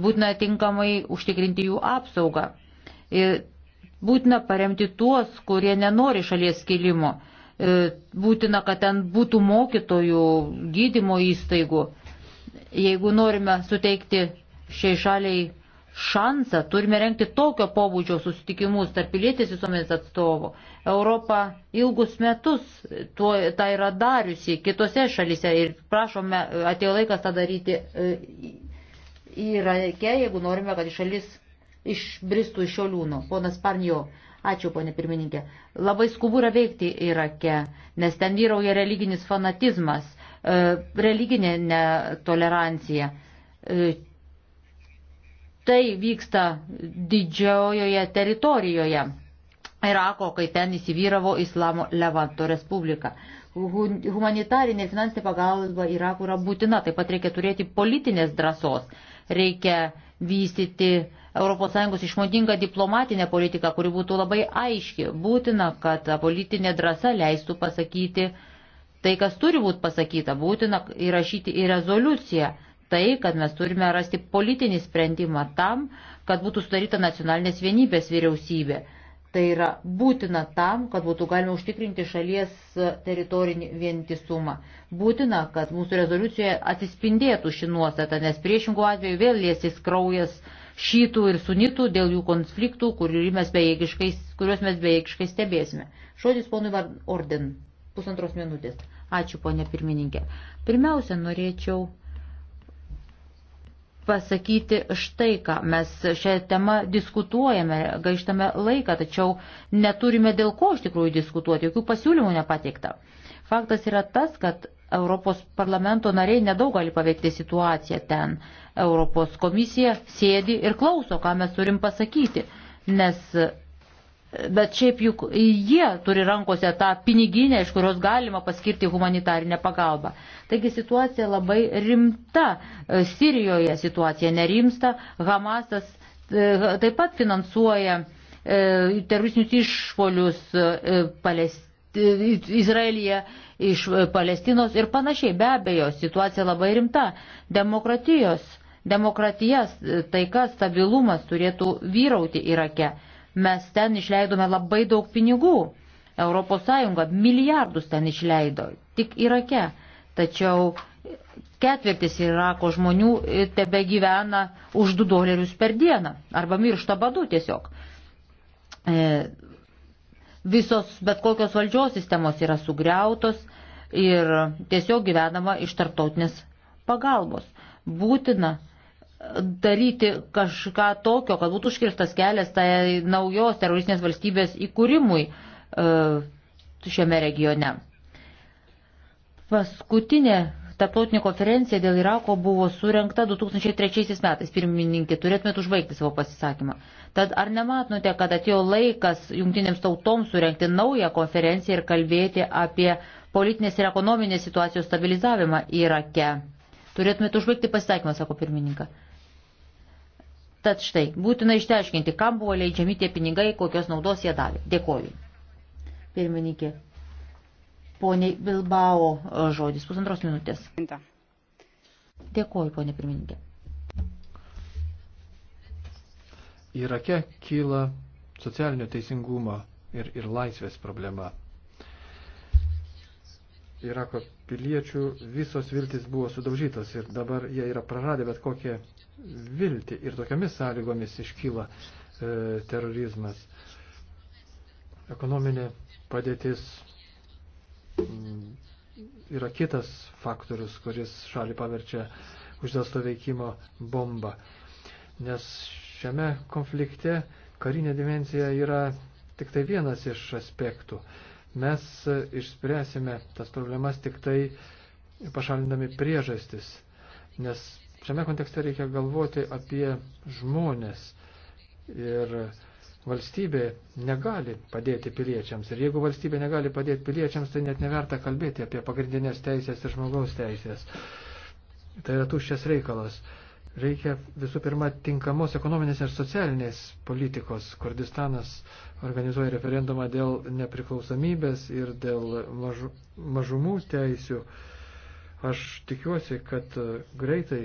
būtina tinkamai užtikrinti jų apsaugą. Ir būtina paremti tuos, kurie nenori šalies kilimo E, būtina, kad ten būtų mokytojų, gydymo įstaigų. Jeigu norime suteikti šiai šaliai šansą, turime renkti tokio pobūdžio susitikimus tarp pilietės visuomenės atstovų. Europa ilgus metus tuo, tą yra dariusi kitose šalise ir prašome, atėjo laikas tą daryti e, Irake, jeigu norime, kad šalis išbristų iš šioliūno. Ponas Parnio, Ačiū, ponė pirmininkė. Labai skubu yra veikti Irake, nes ten vyrauja religinis fanatizmas, e, religinė netolerancija. E, tai vyksta didžiojoje teritorijoje Irako, kai ten įsivyravo Islamo Levanto Respublika. Humanitarinė ir finansinė pagalba Irakui yra būtina, taip pat reikia turėti politinės drąsos, reikia vystyti ES išmodingą diplomatinę politiką, kuri būtų labai aiški. Būtina, kad politinė drąsa leistų pasakyti tai, kas turi būti pasakyta. Būtina įrašyti į rezoliuciją tai, kad mes turime rasti politinį sprendimą tam, kad būtų sudaryta nacionalinės vienybės vyriausybė. Tai yra būtina tam, kad būtų galima užtikrinti šalies teritorinį vientisumą. Būtina, kad mūsų rezoliucijoje atsispindėtų ši nuostata, nes priešingų atveju vėl liesis kraujas šytų ir sunitų dėl jų konfliktų, mes kuriuos mes bejėgiškai stebėsime. Žodis ponui Orden, pusantros minutės. Ačiū, ponė pirmininkė. Pirmiausia, norėčiau pasakyti štai ką. Mes šią temą diskutuojame, gaištame laiką, tačiau neturime dėl ko iš tikrųjų diskutuoti, jokių pasiūlymų nepateikta. Faktas yra tas, kad Europos parlamento nariai nedaug gali paveikti situaciją ten. Europos komisija sėdi ir klauso, ką mes turim pasakyti, nes Bet šiaip juk jie turi rankose tą piniginę, iš kurios galima paskirti humanitarinę pagalbą. Taigi situacija labai rimta. Sirijoje situacija nerimsta. Hamasas e, taip pat finansuoja e, teroristinius išpolius e, Palestinoje Izraelyje, iš Palestinos ir panašiai. Be abejo, situacija labai rimta. Demokratijos, demokratijas, taika, stabilumas turėtų vyrauti Irake. Mes ten išleidome labai daug pinigų. ES milijardus ten išleido, tik Irake. Tačiau ketvirtis Irako žmonių tebe gyvena už 2 dolerius per dieną arba miršta badu tiesiog. E, visos bet kokios valdžios sistemos yra sugriautos ir tiesiog gyvenama iš tarptautinės pagalbos. Būtina daryti kažką tokio, kad būtų užkirstas kelias tai naujos teroristinės valstybės įkūrimui e, šiame regione. Paskutinė Tarptautinė konferencija dėl Irako buvo surenkta 2003 metais. Pirmininkė, turėtumėt užbaigti savo pasisakymą. Tad ar nematnote, kad atėjo laikas jungtinėms tautoms surenkti naują konferenciją ir kalbėti apie politinės ir ekonominės situacijos stabilizavimą Irake? Turėtumėt užbaigti pasisakymą, sako pirmininkas. Tad štai, būtina išteiškinti, kam buvo leidžiami tie pinigai, kokios naudos jie davė. Dėkoju. Pirmininkė, Poniai Bilbao e, žodis pusantros minutės. Dėkuoju, ponė pirmininkė. Irake kyla socialinio teisingumo ir, ir laisvės problema. Irako piliečių visos viltis buvo sudaužytos ir dabar jie yra praradę bet kokią viltį ir tokiamis sąlygomis iškyla e, terorizmas. Ekonominė padėtis Mm. yra kitas faktorius, kuris šalį paverčia uždėlsto veikimo bomba. Nes šiame konflikte karinė dimensija yra tik tai vienas iš aspektų. Mes išspręsime tas problemas tik tai pašalindami priežastis. Nes šiame kontekste reikia galvoti apie žmonės ir valstybė negali padėti piliečiams. Ir jeigu valstybė negali padėti piliečiams, tai net neverta kalbėti apie pagrindinės teisės ir žmogaus teisės. Tai yra tuščias reikalas. Reikia visų pirma tinkamos ekonominės ir socialinės politikos. Kurdistanas organizuoja referendumą dėl nepriklausomybės ir dėl mažu, mažumų teisių. Aš tikiuosi, kad greitai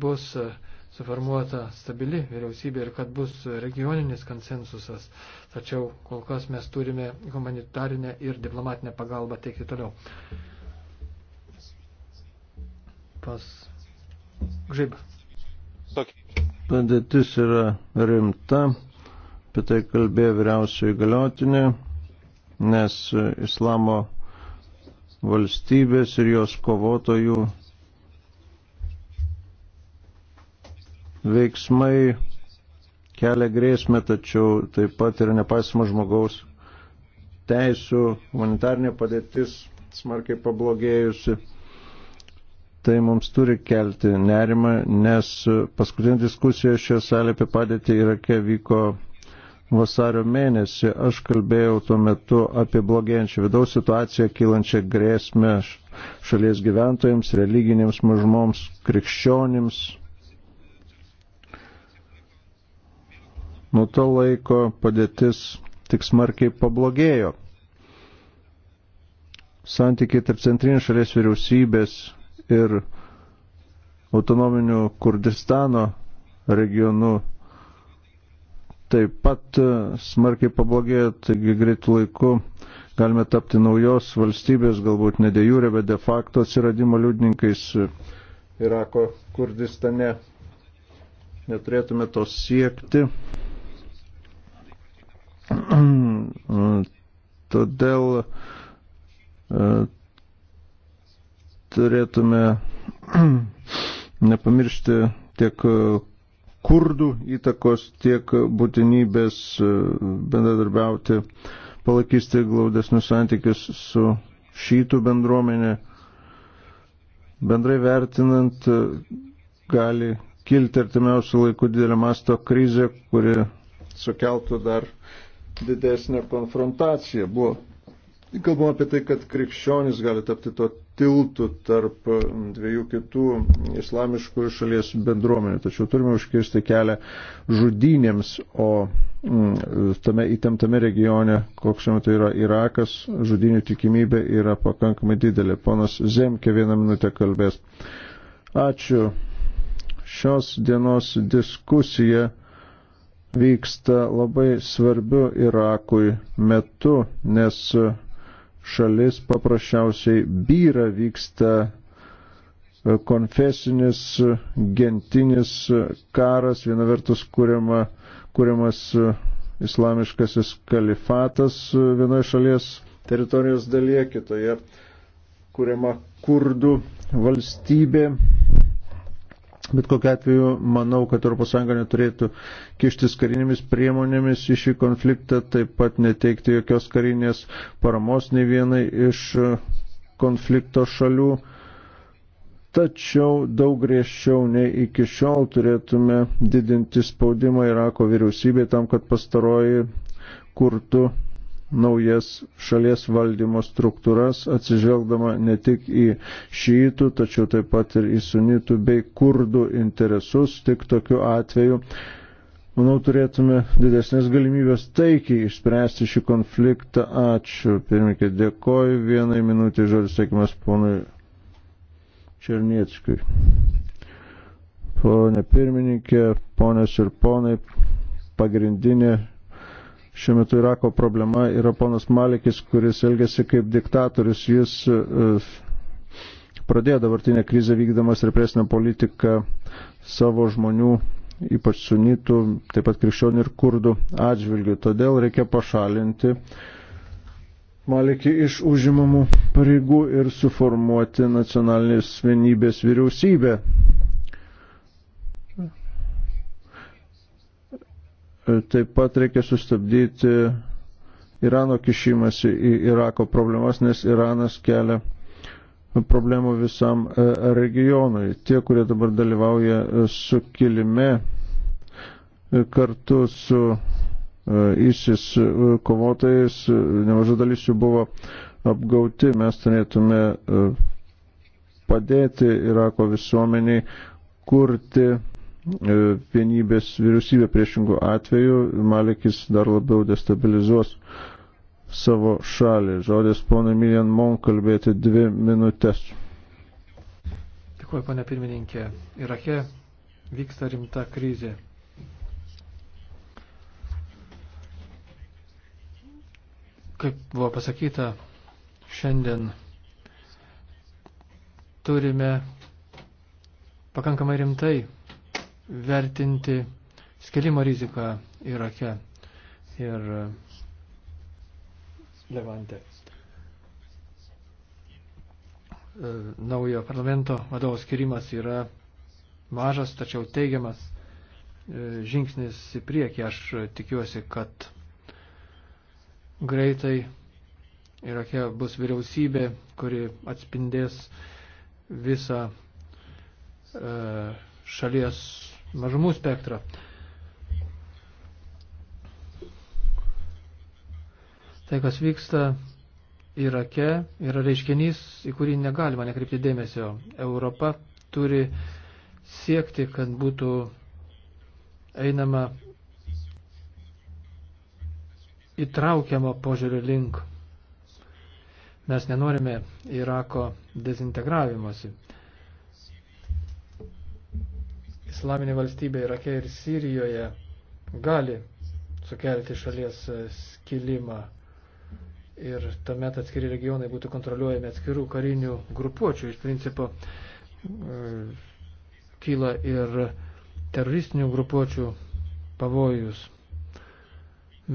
bus uh, suformuota stabili vyriausybė ir kad bus regioninis konsensusas. Tačiau kol kas mes turime humanitarinę ir diplomatinę pagalbą teikti toliau. Pas Gžybą. Padėtis yra rimta, apie tai kalbėjo vyriausioji galiotinė, nes islamo valstybės ir jos kovotojų veiksmai kelia grėsmę, tačiau taip pat ir nepaisama žmogaus teisų, humanitarnė padėtis smarkiai pablogėjusi. Tai mums turi kelti nerimą, nes paskutinė diskusija šioje salėje apie padėtį Irake vyko vasario mėnesį. Aš kalbėjau tuo metu apie blogėjančią vidaus situaciją, kylančią grėsmę šalies gyventojams, religinėms mažmoms, krikščionims, Nuo to laiko padėtis tik smarkiai pablogėjo. Santykiai tarp centrinės šalies vyriausybės ir autonominių Kurdistano regionų taip pat e, smarkiai pablogėjo, taigi greitų laiku galime tapti naujos valstybės, galbūt ne de jure, bet de facto atsiradimo liudininkais e, Irako Kurdistane. Neturėtume to siekti. Todėl e, turėtume nepamiršti tiek e, kurdų įtakos, tiek būtinybės e, bendradarbiauti, palakysti glaudesnius santykius su šytų bendruomenė. Bendrai vertinant, gali kilti artimiausių laikų didelio masto krizė, kuri sukeltų dar didesnė konfrontacija. Buvo kalbama apie tai, kad krikščionis gali tapti to tiltų tarp mm, dviejų kitų islamiškų šalies bendruomenių. Tačiau turime užkirsti kelią žudynėms, o mm, tame įtemptame regione, koks šiuo metu yra Irakas, žudynių tikimybė yra pakankamai didelė. Ponas Zemke vieną minutę kalbės. Ačiū. Šios dienos diskusija vyksta labai svarbiu Irakui metu, nes šalis paprasčiausiai byra vyksta konfesinis, gentinis karas, viena vertus kuriama, kuriamas islamiškasis kalifatas vienoje šalies teritorijos dalyje, kitoje kuriama kurdų valstybė Bet kokiu atveju manau, kad ES neturėtų kištis karinėmis priemonėmis į šį konfliktą, taip pat neteikti jokios karinės paramos nei vienai iš e, konflikto šalių. Tačiau daug griežčiau nei iki šiol turėtume didinti spaudimą Irako vyriausybei tam, kad pastaroji kurtų naujas šalies valdymo struktūras, atsižvelgdama ne tik į šytų, tačiau taip pat ir į sunytų bei kurdų interesus. Tik tokiu atveju, manau, turėtume didesnės galimybės taikiai išspręsti šį konfliktą. Ačiū. Pirmininkė, dėkoju. Vienai minutį žodis sakymas ponui Černieckiui. Pone pirmininkė, ponės ir ponai, pagrindinė Šiuo metu Irako problema yra ponas Malikis, kuris elgesi kaip diktatorius. Jis e, pradėjo dabartinę krizę vykdamas represinę politiką savo žmonių, ypač sunytų, taip pat krikščionių ir kurdų atžvilgių. Todėl reikia pašalinti Malikį iš užimamų pareigų ir suformuoti nacionalinės vienybės vyriausybę. E, taip pat reikia sustabdyti Irano kišimasi į Irako problemas, nes Iranas kelia problemų visam e, regionui. Tie, kurie dabar dalyvauja e, sukilime kartu su ISIS kovotojais, nemaža dalis jų buvo apgauti. Mes turėtume padėti Irako visuomeniai kurti E, vienybės vyriausybė priešingų atveju Malikis dar labiau destabilizuos savo šalį. Žodės ponui Milian Mon kalbėti dvi minutės. Dėkuoju, ponė pirmininkė. Irake vyksta rimta krizė. Kaip buvo pasakyta, šiandien turime pakankamai rimtai vertinti skelimo riziką Irake ir Levante. E, naujo parlamento vadovo skirimas yra mažas, tačiau teigiamas e, žingsnis į priekį. Aš tikiuosi, kad greitai Irake bus vyriausybė, kuri atspindės visą e, šalies mažumų spektrą. Tai, kas vyksta Irake, yra reiškinys, į kurį negalima nekreipti dėmesio. Europa turi siekti, kad būtų einama įtraukiamo požiūrio link. Mes nenorime Irako dezintegravimosi islaminė valstybė Irake ir Sirijoje gali sukelti šalies e, skilimą ir tuomet atskiri regionai būtų kontroliuojami atskirų karinių grupuočių. Iš principo e, kyla ir teroristinių grupuočių pavojus.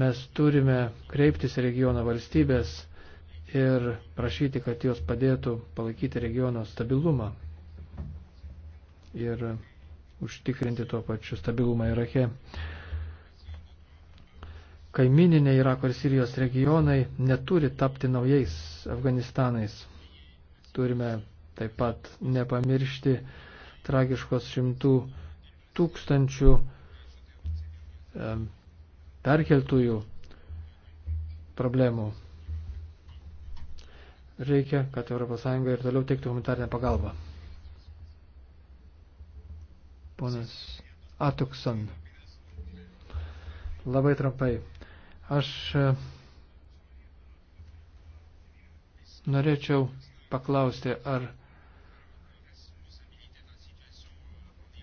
Mes turime kreiptis į regiono valstybės ir prašyti, kad jos padėtų palaikyti regiono stabilumą. Ir užtikrinti tuo pačiu stabilumą Irake. Kaimininiai Irako ir Sirijos regionai neturi tapti naujais Afganistanais. Turime taip pat nepamiršti tragiškos šimtų tūkstančių e, perkeltųjų problemų. Reikia, kad ES ir toliau teiktų humanitarinę pagalbą. Ponas Atukson. Labai trumpai. Aš e, norėčiau paklausti, ar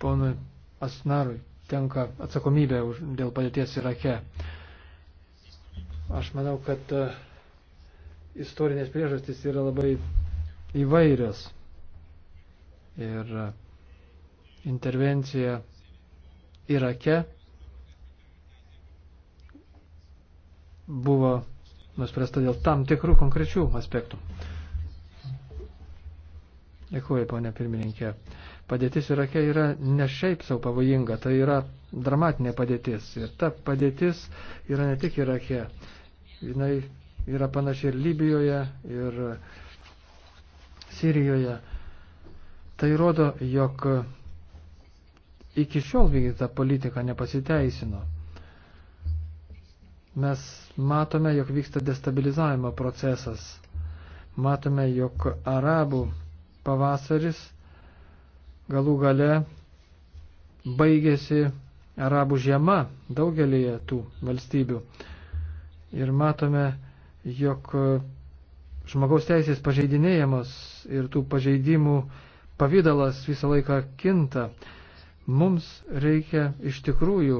ponui Asnarui tenka atsakomybė už, dėl padėties Irake. Aš manau, kad e, istorinės priežastys yra labai įvairios. Ir uh, intervencija Irake buvo nuspręsta dėl tam tikrų konkrečių aspektų. Dėkuoju, ponė pirmininkė. Padėtis Irake yra ne šiaip savo pavojinga, tai yra dramatinė padėtis. Ir ta padėtis yra ne tik Irake, jinai yra panašiai ir Libijoje, ir Sirijoje. Tai rodo, jog iki šiol vykdyta politika nepasiteisino. Mes matome, jog vyksta destabilizavimo procesas. Matome, jog arabų pavasaris galų gale baigėsi arabų žiema daugelėje tų valstybių. Ir matome, jog žmogaus teisės pažeidinėjamos ir tų pažeidimų pavydalas visą laiką kinta. Mums reikia iš tikrųjų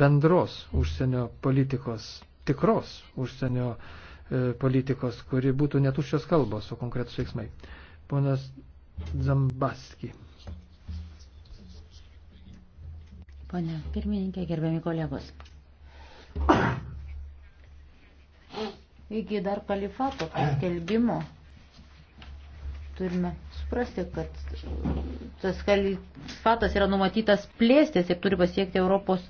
bendros užsienio politikos, tikros užsienio e, politikos, kuri būtų netuščios kalbos, o konkretus veiksmai. Ponas Zambaski. Pane pirmininkė, gerbiami kolegos. Iki dar kalifato paskelbimo turime suprasti, kad tas kalifatas yra numatytas plėstis ir turi pasiekti Europos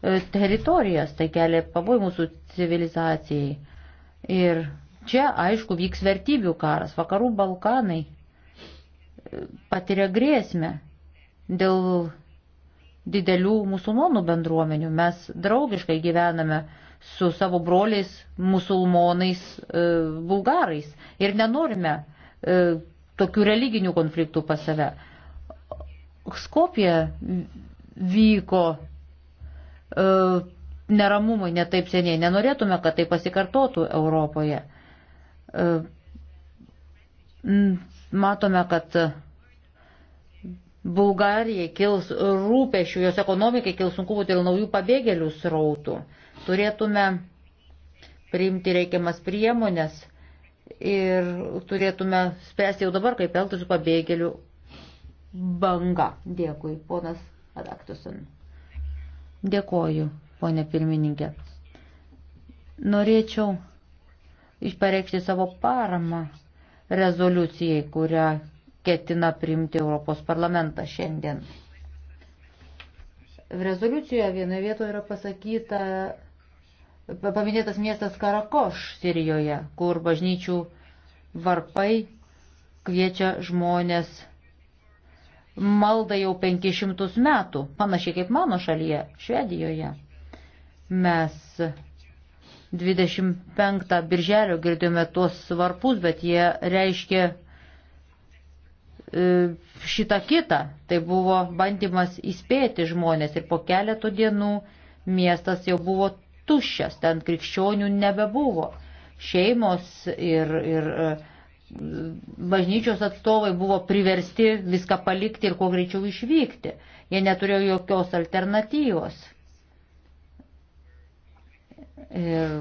e, teritorijas, tai kelia pavojų mūsų civilizacijai. Ir čia, aišku, vyks vertybių karas, vakarų Balkanai e, patiria grėsmę dėl didelių musulmonų bendruomenių. Mes draugiškai gyvename su savo broliais musulmonais e, bulgarais ir nenorime e, tokių religinių konfliktų pas save. Skopija vyko e, neramumai netaip seniai. Nenorėtume, kad tai pasikartotų Europoje. E, matome, kad Bulgarijai kils rūpešių, jos ekonomikai kils sunkumų dėl naujų pabėgėlių srautų. Turėtume priimti reikiamas priemonės ir turėtume spręsti jau dabar, kaip elgtis su pabėgėlių banga. Dėkui, ponas Adaktuson. Dėkoju, ponė pirmininkė. Norėčiau išpareikšti savo paramą rezoliucijai, kurią ketina priimti Europos parlamentą šiandien. Rezoliucijoje vienoje vietoje yra pasakyta paminėtas miestas Karakoš Sirijoje, kur bažnyčių varpai kviečia žmonės malda jau 500 metų, panašiai kaip mano šalyje, Švedijoje. Mes 25 birželio girdėjome tuos varpus, bet jie reiškia e, šitą kitą. Tai buvo bandymas įspėti žmonės ir po keletų dienų miestas jau buvo tuščias, ten krikščionių nebebuvo. Šeimos ir, ir e, bažnyčios atstovai buvo priversti viską palikti ir kuo greičiau išvykti. Jie neturėjo jokios alternatyvos. Ir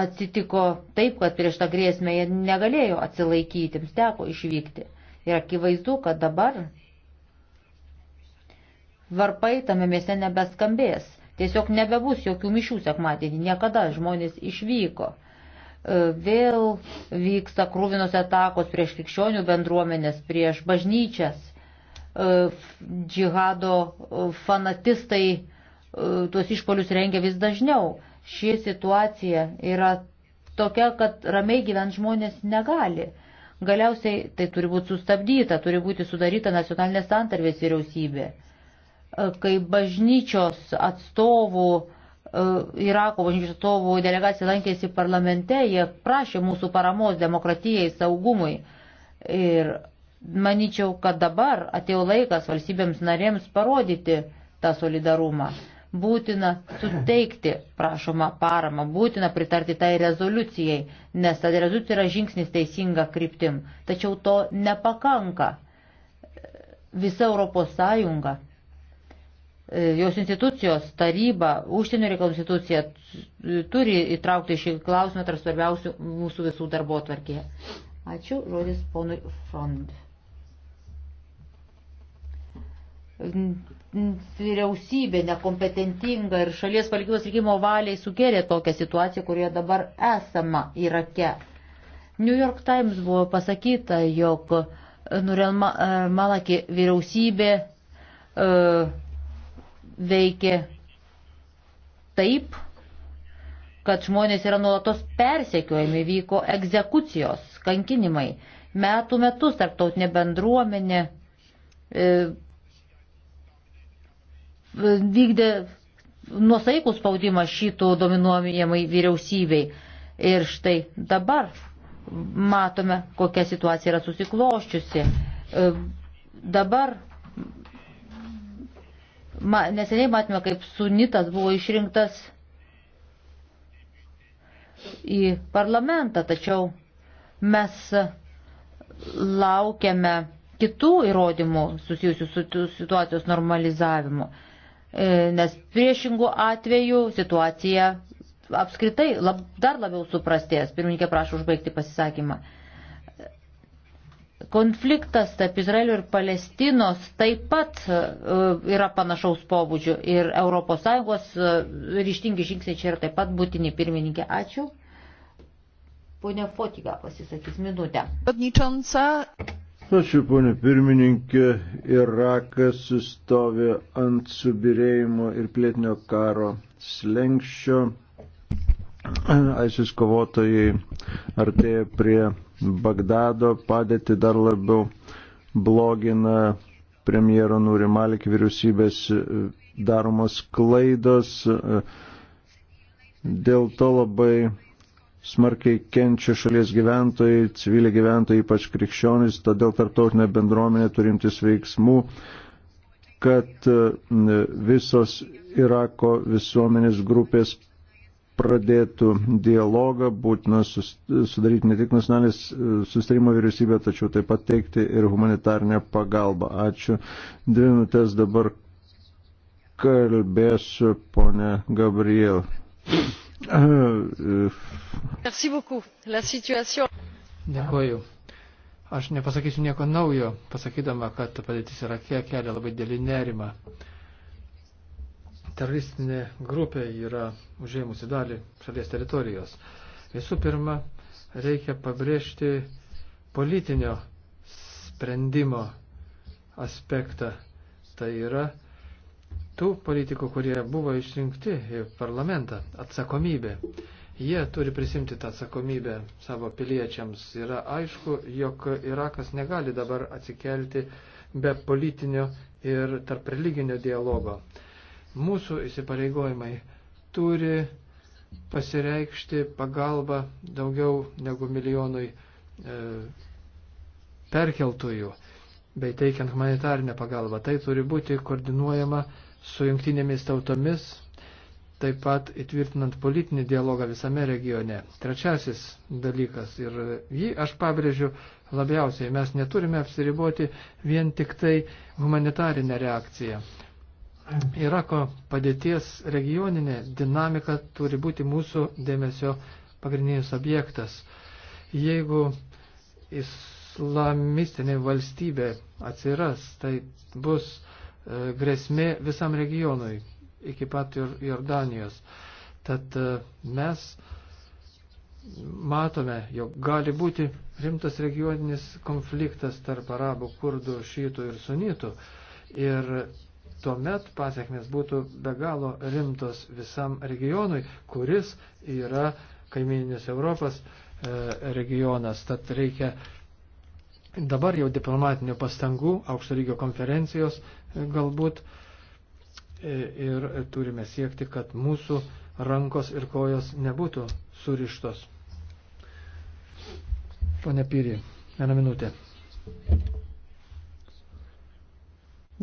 atsitiko taip, kad prieš tą grėsmę jie negalėjo atsilaikyti, jiems teko išvykti. Ir akivaizdu, kad dabar varpai tame mieste nebeskambės. Tiesiog nebebus jokių mišių sekmadienį, niekada žmonės išvyko. E, vėl vyksta krūvinos atakos prieš krikščionių bendruomenės, prieš bažnyčias. E, džihado e, fanatistai tuos išpolius rengia vis dažniau. Ši situacija yra tokia, kad ramiai gyvent žmonės negali. Galiausiai tai turi būti sustabdyta, turi būti sudaryta nacionalinės santarvės vyriausybė E, kai bažnyčios atstovų e, Irako bažnyčios atstovų delegacija lankėsi parlamente, jie prašė mūsų paramos demokratijai, saugumui. Ir manyčiau, kad dabar atėjo laikas valstybėms narėms parodyti tą solidarumą. Būtina suteikti prašomą paramą, būtina pritarti tai rezoliucijai, nes ta rezoliucija yra žingsnis teisinga kryptim. Tačiau to nepakanka. Visa Europos Sąjunga E, jos institucijos, taryba, užsienio reikalų institucija turi įtraukti šį klausimą tarp svarbiausių mūsų visų darbo tvarkėje. Ačiū, žodis ponui Frond. Vyriausybė nekompetentinga ir šalies palikybos reikimo valiai sukėlė tokią situaciją, kurioje dabar esama Irake. New York Times buvo pasakyta, jog Nurel Malaki vyriausybė uh, veikė taip, kad žmonės yra nuolatos persekiojami, vyko egzekucijos, kankinimai. Metų metus tarptautinė bendruomenė e, vykdė nuosaikų spaudimą šitų dominuojamai vyriausybei. Ir štai dabar matome, kokia situacija yra susikloščiusi. E, dabar Ma, neseniai matėme, kaip sunitas buvo išrinktas į parlamentą, tačiau mes laukiame kitų įrodymų susijusių su situacijos normalizavimu, e, nes priešingų atveju situacija apskritai lab, dar labiau suprastės. Pirmininkė prašo užbaigti pasisakymą. Konfliktas tarp Izraelio ir Palestinos taip pat e, yra panašaus pobūdžio ir ES e, ryštingi žingsniai čia yra taip pat būtini pirmininkė. Ačiū. Pone Fotiga pasisakys minutę. Ačiū, ponė pirmininkė. Irakas sustovi ant subirėjimo ir plėtinio karo slengščio. Aisis kovotojai artėja prie Bagdado padėtį dar labiau blogina premjero Nurimalik vyriausybės e, daromos klaidos. E, dėl to labai smarkiai kenčia šalies gyventojai, civiliai gyventojai, ypač krikščionys, todėl tarptautinė bendruomenė turimtis veiksmų, kad e, visos Irako visuomenės grupės pradėtų dialogą, būtina sudaryti ne tik nacionalinės e, sustarimo vyriausybę, tačiau taip pat teikti ir humanitarnę pagalbą. Ačiū. Dvi minutės dabar kalbėsiu, ponė Gabriel. Merci beaucoup. La situation. Dėkuoju. Aš nepasakysiu nieko naujo, pasakydama, kad padėtis Irake kelia labai dėlį nerimą teroristinė grupė yra užėmusi dalį šalies teritorijos. Visų pirma, reikia pabrėžti politinio sprendimo aspektą. Tai yra tų politikų, kurie buvo išrinkti į parlamentą, atsakomybė. Jie turi prisimti tą atsakomybę savo piliečiams. Yra aišku, jog Irakas negali dabar atsikelti be politinio ir tarp religinio dialogo. Mūsų įsipareigojimai turi pasireikšti pagalba daugiau negu milijonui e, perkeltųjų bei teikiant humanitarinę pagalbą. Tai turi būti koordinuojama su jungtinėmis tautomis, taip pat įtvirtinant politinį dialogą visame regione. Trečiasis dalykas, ir jį aš pabrėžiu labiausiai, mes neturime apsiriboti vien tik tai humanitarinę reakciją. Irako padėties regioninė dinamika turi būti mūsų dėmesio pagrindinis objektas. Jeigu islamistinė valstybė atsiras, tai bus e, grėsmė visam regionui iki pat Jordanijos. Tad e, mes matome, jog gali būti rimtas regioninis konfliktas tarp arabų, kurdų, šytų ir sunytų. Ir tuomet pasiekmes būtų be galo rimtos visam regionui, kuris yra kaimininės Europos e, regionas. Tad reikia dabar jau diplomatinių pastangų, aukšto lygio konferencijos e, galbūt e, ir turime siekti, kad mūsų rankos ir kojos nebūtų surištos. Pone Pyry, vieną minutę.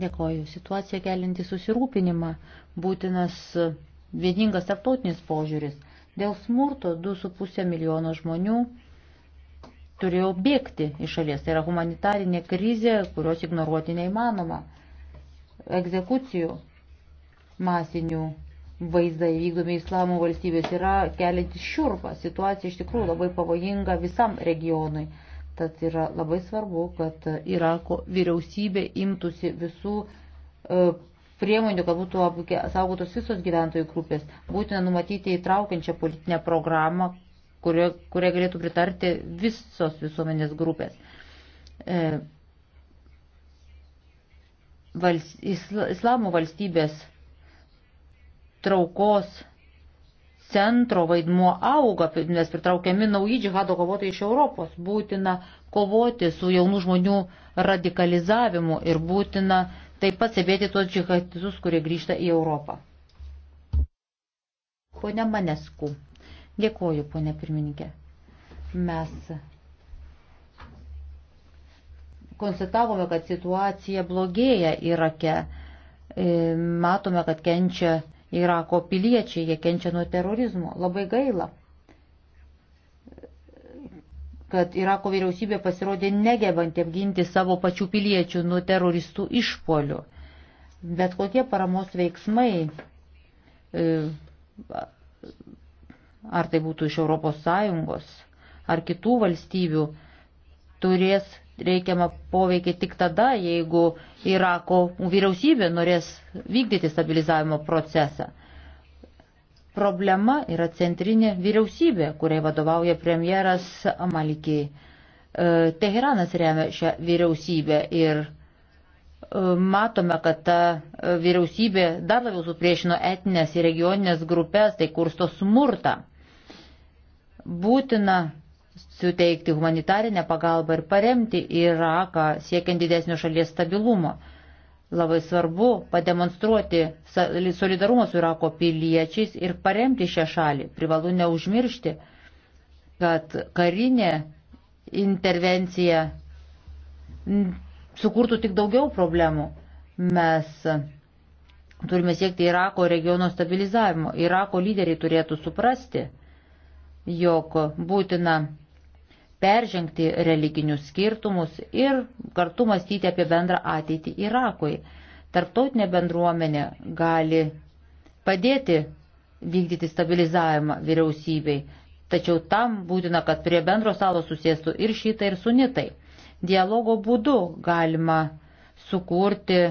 Dėkoju. Situacija kelinti susirūpinimą būtinas vieningas tarptautinis požiūris. Dėl smurto 2,5 milijono žmonių turėjo bėgti iš šalies. Tai yra humanitarinė krizė, kurios ignoruoti neįmanoma. Egzekucijų masinių vaizdai vykdomi islamo valstybės yra keliantis šiurpą. Situacija iš tikrųjų labai pavojinga visam regionui. Tad yra labai svarbu, kad Irako vyriausybė imtųsi visų e, priemonių, kad būtų saugotos visos gyventojų grupės. Būtina numatyti įtraukiančią politinę programą, kurie, kurie galėtų pritarti visos visuomenės grupės. E, vals, isla, islamo valstybės traukos centro vaidmuo auga, nes pritraukiami nauji džihado kovotojai iš Europos. Būtina kovoti su jaunų žmonių radikalizavimu ir būtina taip pat stebėti tuos džihadistus, kurie grįžta į Europą. Pone Manesku, dėkoju, pone pirmininkė. Mes konstatavome, kad situacija blogėja Irake. E, matome, kad kenčia Irako piliečiai, jie kenčia nuo terorizmo. Labai gaila, kad Irako vyriausybė pasirodė negebanti apginti savo pačių piliečių nuo teroristų išpolių. Bet kokie paramos veiksmai, e, ar tai būtų iš ES, ar kitų valstybių, turės reikiamą poveikį tik tada, jeigu Irako vyriausybė norės vykdyti stabilizavimo procesą. Problema yra centrinė vyriausybė, kuriai vadovauja premjeras Amalikiai. E, Teheranas remia šią vyriausybę ir e, matome, kad ta e, vyriausybė dar labiau supriešino etinės ir regioninės grupės, tai kursto smurtą. Būtina suteikti humanitarinę pagalbą ir paremti Iraką siekiant didesnio šalies stabilumo. Labai svarbu pademonstruoti solidarumą su Irako piliečiais ir paremti šią šalį. Privalu neužmiršti, kad karinė intervencija sukurtų tik daugiau problemų. Mes turime siekti Irako regiono stabilizavimo. Irako lyderiai turėtų suprasti, jog būtina peržengti religinius skirtumus ir kartu mąstyti apie bendrą ateitį Irakui. Tarptautinė bendruomenė gali padėti vykdyti stabilizavimą vyriausybei, tačiau tam būtina, kad prie bendro stalo susėstų ir šitai, ir sunitai. Dialogo būdu galima sukurti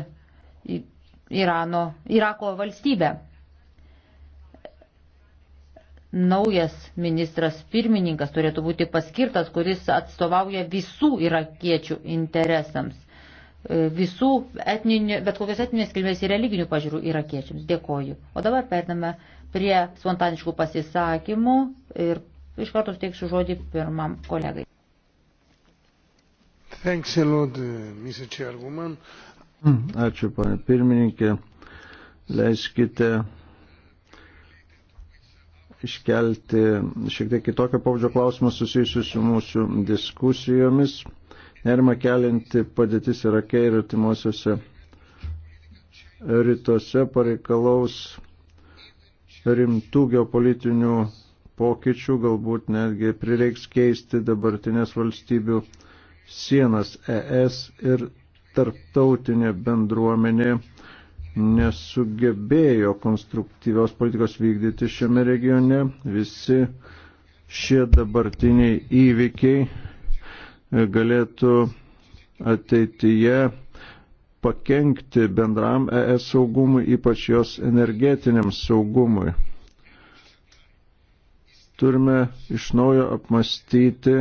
Irano, Irako valstybę naujas ministras pirmininkas turėtų būti paskirtas, kuris atstovauja visų irakiečių interesams, e, visų etninių, bet kokios etninės kilmės ir religinių pažiūrų irakiečiams. Dėkoju. O dabar perdame prie spontaniškų pasisakymų ir iš karto steiksiu žodį pirmam kolegai. Thanks a lot, uh, Mr. Chairwoman. Mm, ačiū, pane pirmininkė. Leiskite iškelti šiek tiek kitokio pavadžio klausimą susijusiu su mūsų diskusijomis. Nerima kelinti padėtis Irake ir artimuosiuose rytuose pareikalaus rimtų geopolitinių pokyčių, galbūt netgi prireiks keisti dabartinės valstybių sienas ES ir tarptautinė bendruomenė nesugebėjo konstruktyvios politikos vykdyti šiame regione. Visi šie dabartiniai įvykiai e, galėtų ateityje pakenkti bendram ES saugumui, ypač jos energetiniam saugumui. Turime iš naujo apmastyti,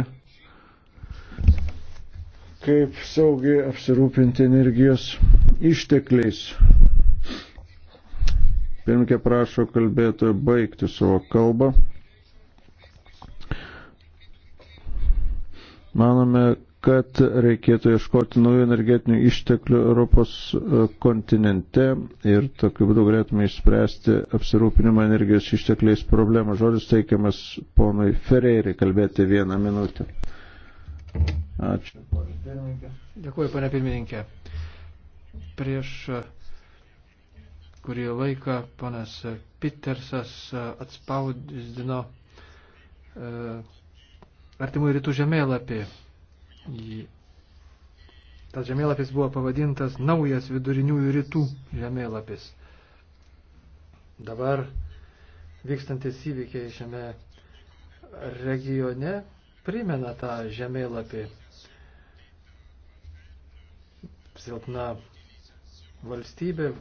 kaip saugiai apsirūpinti energijos ištekliais. Pirmkė prašo kalbėtojo baigti savo kalbą. Manome, kad reikėtų ieškoti naujų energetinių išteklių Europos e, kontinente ir tokiu būdu galėtume išspręsti apsirūpinimą energijos ištekliais problemą. Žodis teikiamas ponui Ferreiriai kalbėti vieną minutę. Ačiū. Dėkuoju, pane pirmininkė. Prieš kurį laiką panas Petersas atspausdino e, artimų rytų žemėlapį. Tas žemėlapis buvo pavadintas naujas viduriniųjų rytų žemėlapis. Dabar vykstantis įvykiai šiame regione primena tą žemėlapį. Silpna valstybė,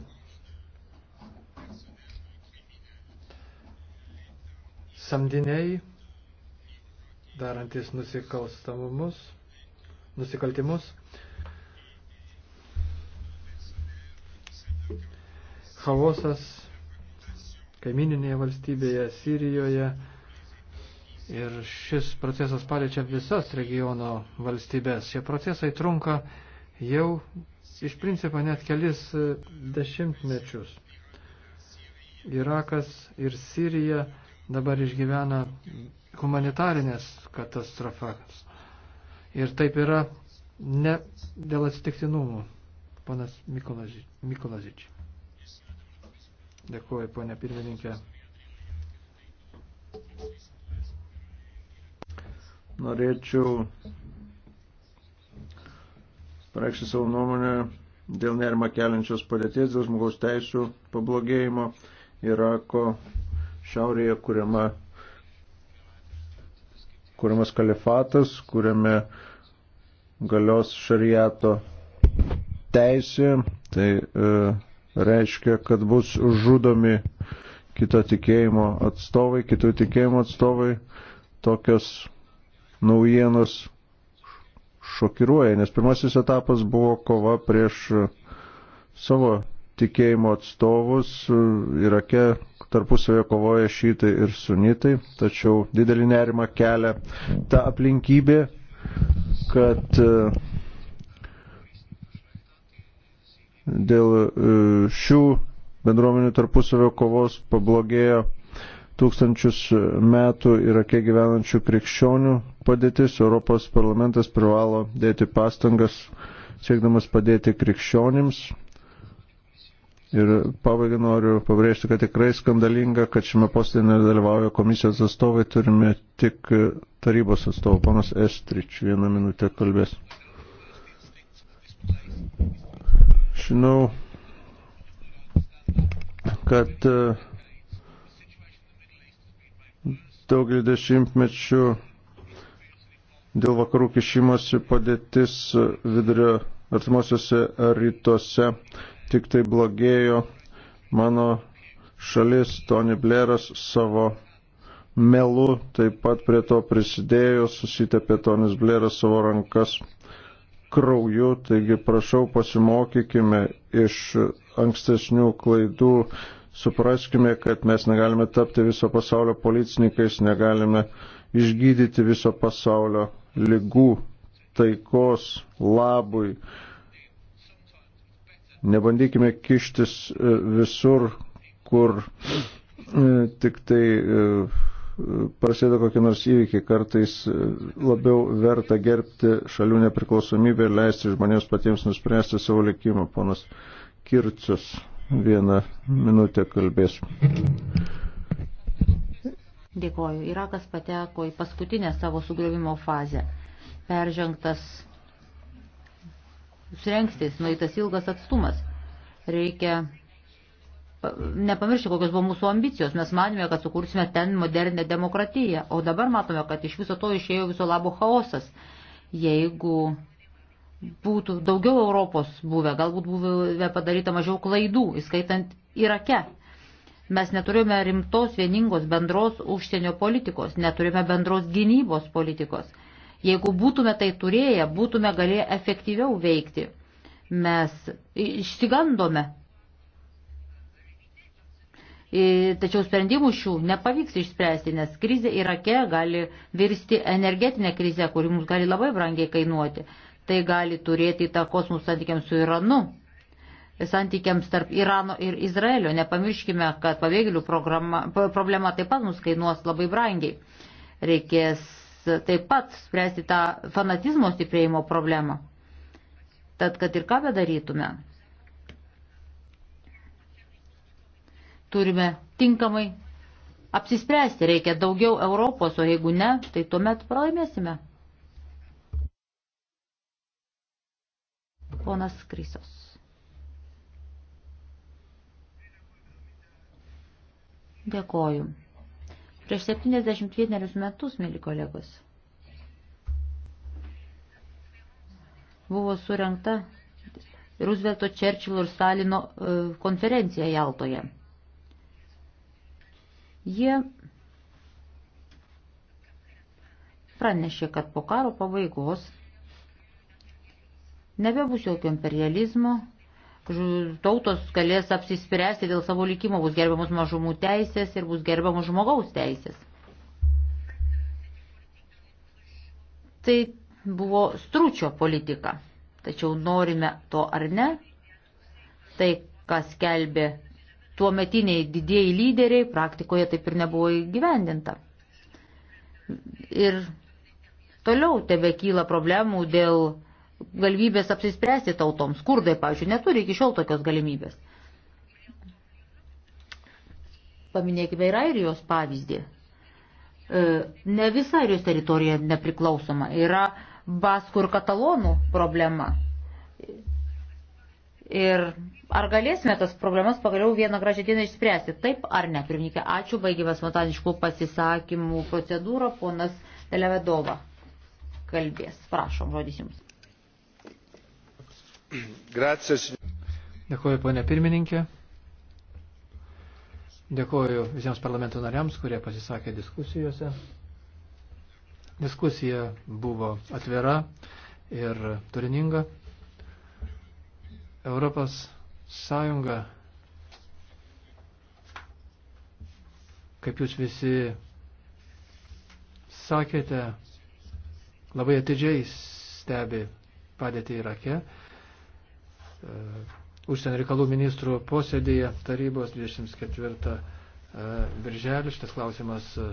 samdiniai, darantis nusikalstamumus, nusikaltimus, chaosas kaimininėje valstybėje, Sirijoje. Ir šis procesas paliečia visas regiono valstybės. Šie procesai trunka jau iš principo net kelis dešimtmečius. Irakas ir Sirija dabar išgyvena humanitarinės katastrofas. Ir taip yra ne dėl atsitiktinumų, panas Mikolazič. Dėkuoju, ponė pirmininkė. Norėčiau pareikšti savo nuomonę dėl nerima keliančios padėties, dėl žmogaus teisų pablogėjimo Irako šiaurėje kuriama, kuriamas kalifatas, kuriame galios šariato teisė, tai e, reiškia, kad bus žudomi kito tikėjimo atstovai, kitų tikėjimo atstovai, tokios naujienos šokiruoja, nes pirmasis etapas buvo kova prieš savo tikėjimo atstovus Irake tarpusavėje kovoja šitai ir sunitai, tačiau didelį nerimą kelia ta aplinkybė, kad e, dėl e, šių bendruomenių tarpusavio kovos pablogėjo tūkstančius metų Irake gyvenančių krikščionių padėtis. Europos parlamentas privalo dėti pastangas siekdamas padėti krikščionims Ir pabaigai noriu pabrėžti, kad tikrai skandalinga, kad šiame postėje nedalyvauja komisijos atstovai, turime tik tarybos atstovų. Panas Estrič vieną minutę kalbės. Žinau, kad e, daugelį dešimtmečių dėl vakarų kišimosi padėtis vidurio artimuosiuose rytuose tik tai blogėjo. Mano šalis, Tony Blairas savo melu taip pat prie to prisidėjo, susitepė Tonis Blairas savo rankas krauju, taigi prašau pasimokykime iš ankstesnių klaidų, supraskime, kad mes negalime tapti viso pasaulio policininkais, negalime išgydyti viso pasaulio lygų taikos labui Nebandykime kištis e, visur, kur e, tik tai e, prasideda kokie nors įvykiai, kartais labiau verta gerbti šalių nepriklausomybę ir leisti žmonėms patiems nuspręsti savo likimą. Ponas Kircius vieną minutę kalbės. Dėkoju. Irakas pateko į paskutinę savo sugriovimo fazę. Peržengtas srengstis, nueitas tai ilgas atstumas. Reikia nepamiršti, kokios buvo mūsų ambicijos. Mes manėme, kad sukursime ten modernę demokratiją, o dabar matome, kad iš viso to išėjo viso labo chaosas. Jeigu būtų daugiau Europos buvę, galbūt buvę padaryta mažiau klaidų, įskaitant Irake. Mes neturime rimtos vieningos bendros užsienio politikos, neturime bendros gynybos politikos. Jeigu būtume tai turėję, būtume galėję efektyviau veikti. Mes išsigandome. Tačiau sprendimų šių nepavyks išspręsti, nes krizė Irake gali virsti energetinę krizę, kuri mums gali labai brangiai kainuoti. Tai gali turėti įtakos mūsų santykiams su Iranu, santykiams tarp Irano ir Izraelio. Nepamirškime, kad pabėgėlių problema taip pat mus kainuos labai brangiai reikės taip pat spręsti tą fanatizmo stiprėjimo problemą. Tad, kad ir ką bedarytume, turime tinkamai apsispręsti, reikia daugiau Europos, o jeigu ne, tai tuomet pralaimėsime. Ponas Krysos. Dėkoju. Prieš 71 metus, mėly kolegos, buvo surengta Roosevelto, Čerčilo ir Stalino e, konferencija Jaltoje. Jie pranešė, kad po karo pabaigos nebebus jokio imperializmo, tautos galės apsispręsti dėl savo likimo, bus gerbiamos mažumų teisės ir bus gerbiamos žmogaus teisės. Tai buvo stručio politika. Tačiau norime to ar ne, tai, kas kelbė tuo metiniai didieji lyderiai, praktikoje taip ir nebuvo įgyvendinta. Ir toliau tebe kyla problemų dėl galimybės apsispręsti tautoms. Kurdai, pavyzdžiui, neturi iki šiol tokios galimybės. Paminėkime ir Airijos pavyzdį. E, ne visa Airijos teritorija nepriklausoma. Yra baskų ir katalonų problema. Ir ar galėsime tas problemas pagaliau vieną gražią dieną išspręsti? Taip ar ne, pirmininkė? Ačiū, baigėme spontaniškų pasisakymų procedūrą, ponas Televedova kalbės. Prašom, žodis jums. Gracias. Dėkuoju, ponė pirmininkė. Dėkuoju visiems parlamento nariams, kurie pasisakė diskusijose. Diskusija buvo atvira ir turininga. Europos Sąjunga, kaip jūs visi sakėte, labai atidžiai stebi padėti Irake. E, užsienio reikalų ministrų posėdėje tarybos 24 e, birželį. Šitas klausimas e,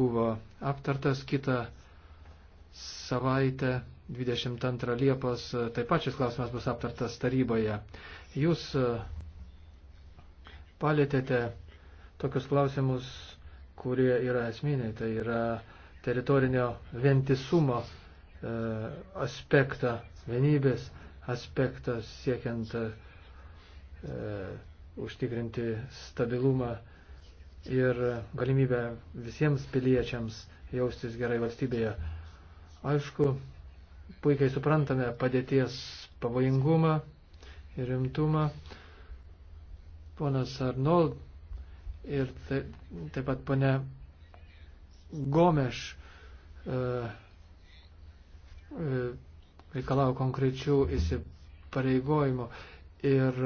buvo aptartas kitą savaitę. 22 Liepos taip pat šis klausimas bus aptartas taryboje. Jūs palėtėte tokius klausimus, kurie yra esminiai, tai yra teritorinio vientisumo aspektą, vienybės aspektas siekiant e, užtikrinti stabilumą ir galimybę visiems piliečiams jaustis gerai valstybėje. Aišku, puikiai suprantame padėties pavojingumą ir rimtumą. Ponas Arnold ir taip, taip pat ponia Gomeš e, e, reikalavo konkrečių įsipareigojimų ir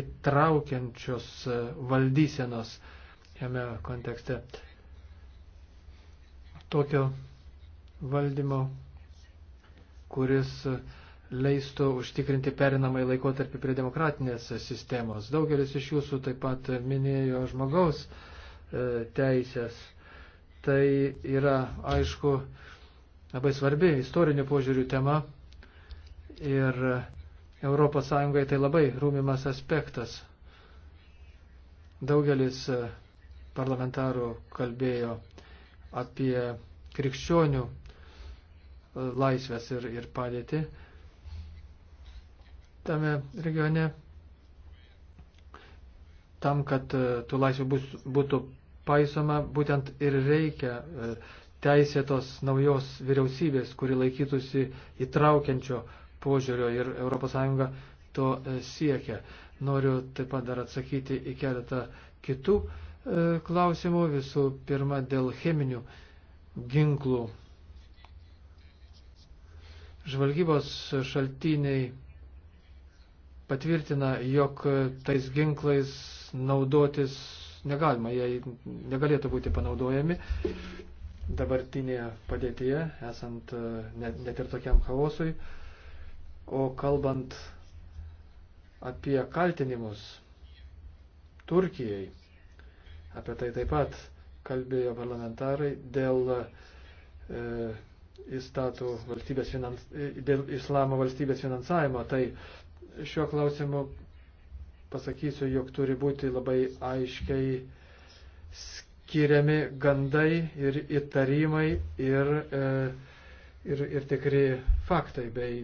įtraukiančios valdysenos šiame kontekste. Tokio valdymo, kuris leistų užtikrinti perinamai laikotarpį prie demokratinės sistemos. Daugelis iš jūsų taip pat minėjo žmogaus e, teisės. Tai yra, aišku, labai svarbi istorinių požiūrių tema. Ir ES tai labai rūmimas aspektas. Daugelis e, parlamentarų kalbėjo apie krikščionių e, laisvės ir, ir padėtį tame regione tam, kad e, tų laisvių bus, būtų paisoma, būtent ir reikia teisėtos naujos vyriausybės, kuri laikytųsi įtraukiančio požiūrio ir ES to e, siekia. Noriu taip pat dar atsakyti į keletą kitų e, klausimų. Visų pirma, dėl cheminių ginklų. Žvalgybos šaltiniai patvirtina, jog tais ginklais naudotis negalima, jie negalėtų būti panaudojami dabartinėje padėtyje, esant e, net, net ir tokiam chaosui. E, O kalbant apie kaltinimus Turkijai, apie tai taip pat kalbėjo parlamentarai dėl e, įstatų valstybės finans, dėl islamo valstybės finansavimo. Tai šiuo klausimu pasakysiu, jog turi būti labai aiškiai skiriami gandai ir įtarimai ir, e, ir, ir tikri faktai bei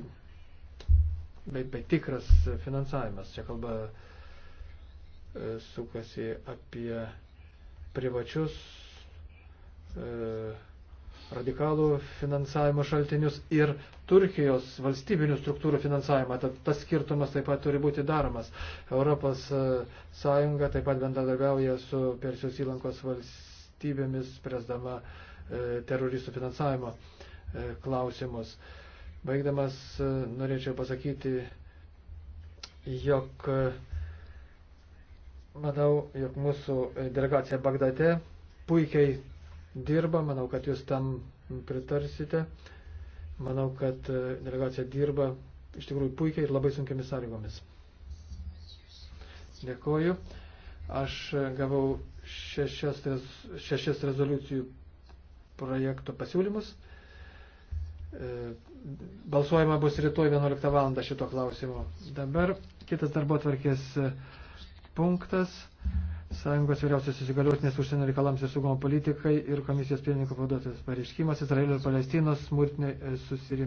bei, bei tikras finansavimas. Čia kalba e, sukasi apie privačius e, radikalų finansavimo šaltinius ir Turkijos valstybinių struktūrų finansavimą. Tad tas skirtumas taip pat turi būti daromas. Europos e, Sąjunga taip pat bendradarbiauja su Persijos įlankos valstybėmis, presdama e, teroristų finansavimo e, klausimus. E, Baigdamas e, norėčiau pasakyti, jog e, manau, jog mūsų delegacija Bagdate puikiai dirba, manau, kad jūs tam pritarsite. Manau, kad e, delegacija dirba iš tikrųjų puikiai ir labai sunkiamis sąlygomis. Dėkoju. Aš gavau šešias, šešias rezoliucijų projekto pasiūlymus. E, balsuojama bus rytoj 11 val. šito klausimu. Dabar kitas darbo tvarkės e, punktas. Sąjungos vyriausios įsigaliotinės užsienio reikalams ir saugumo politikai ir komisijos pirmininko pavaduotojas pareiškimas Izraelio ir Palestinos smurtinio e, susirinkimo.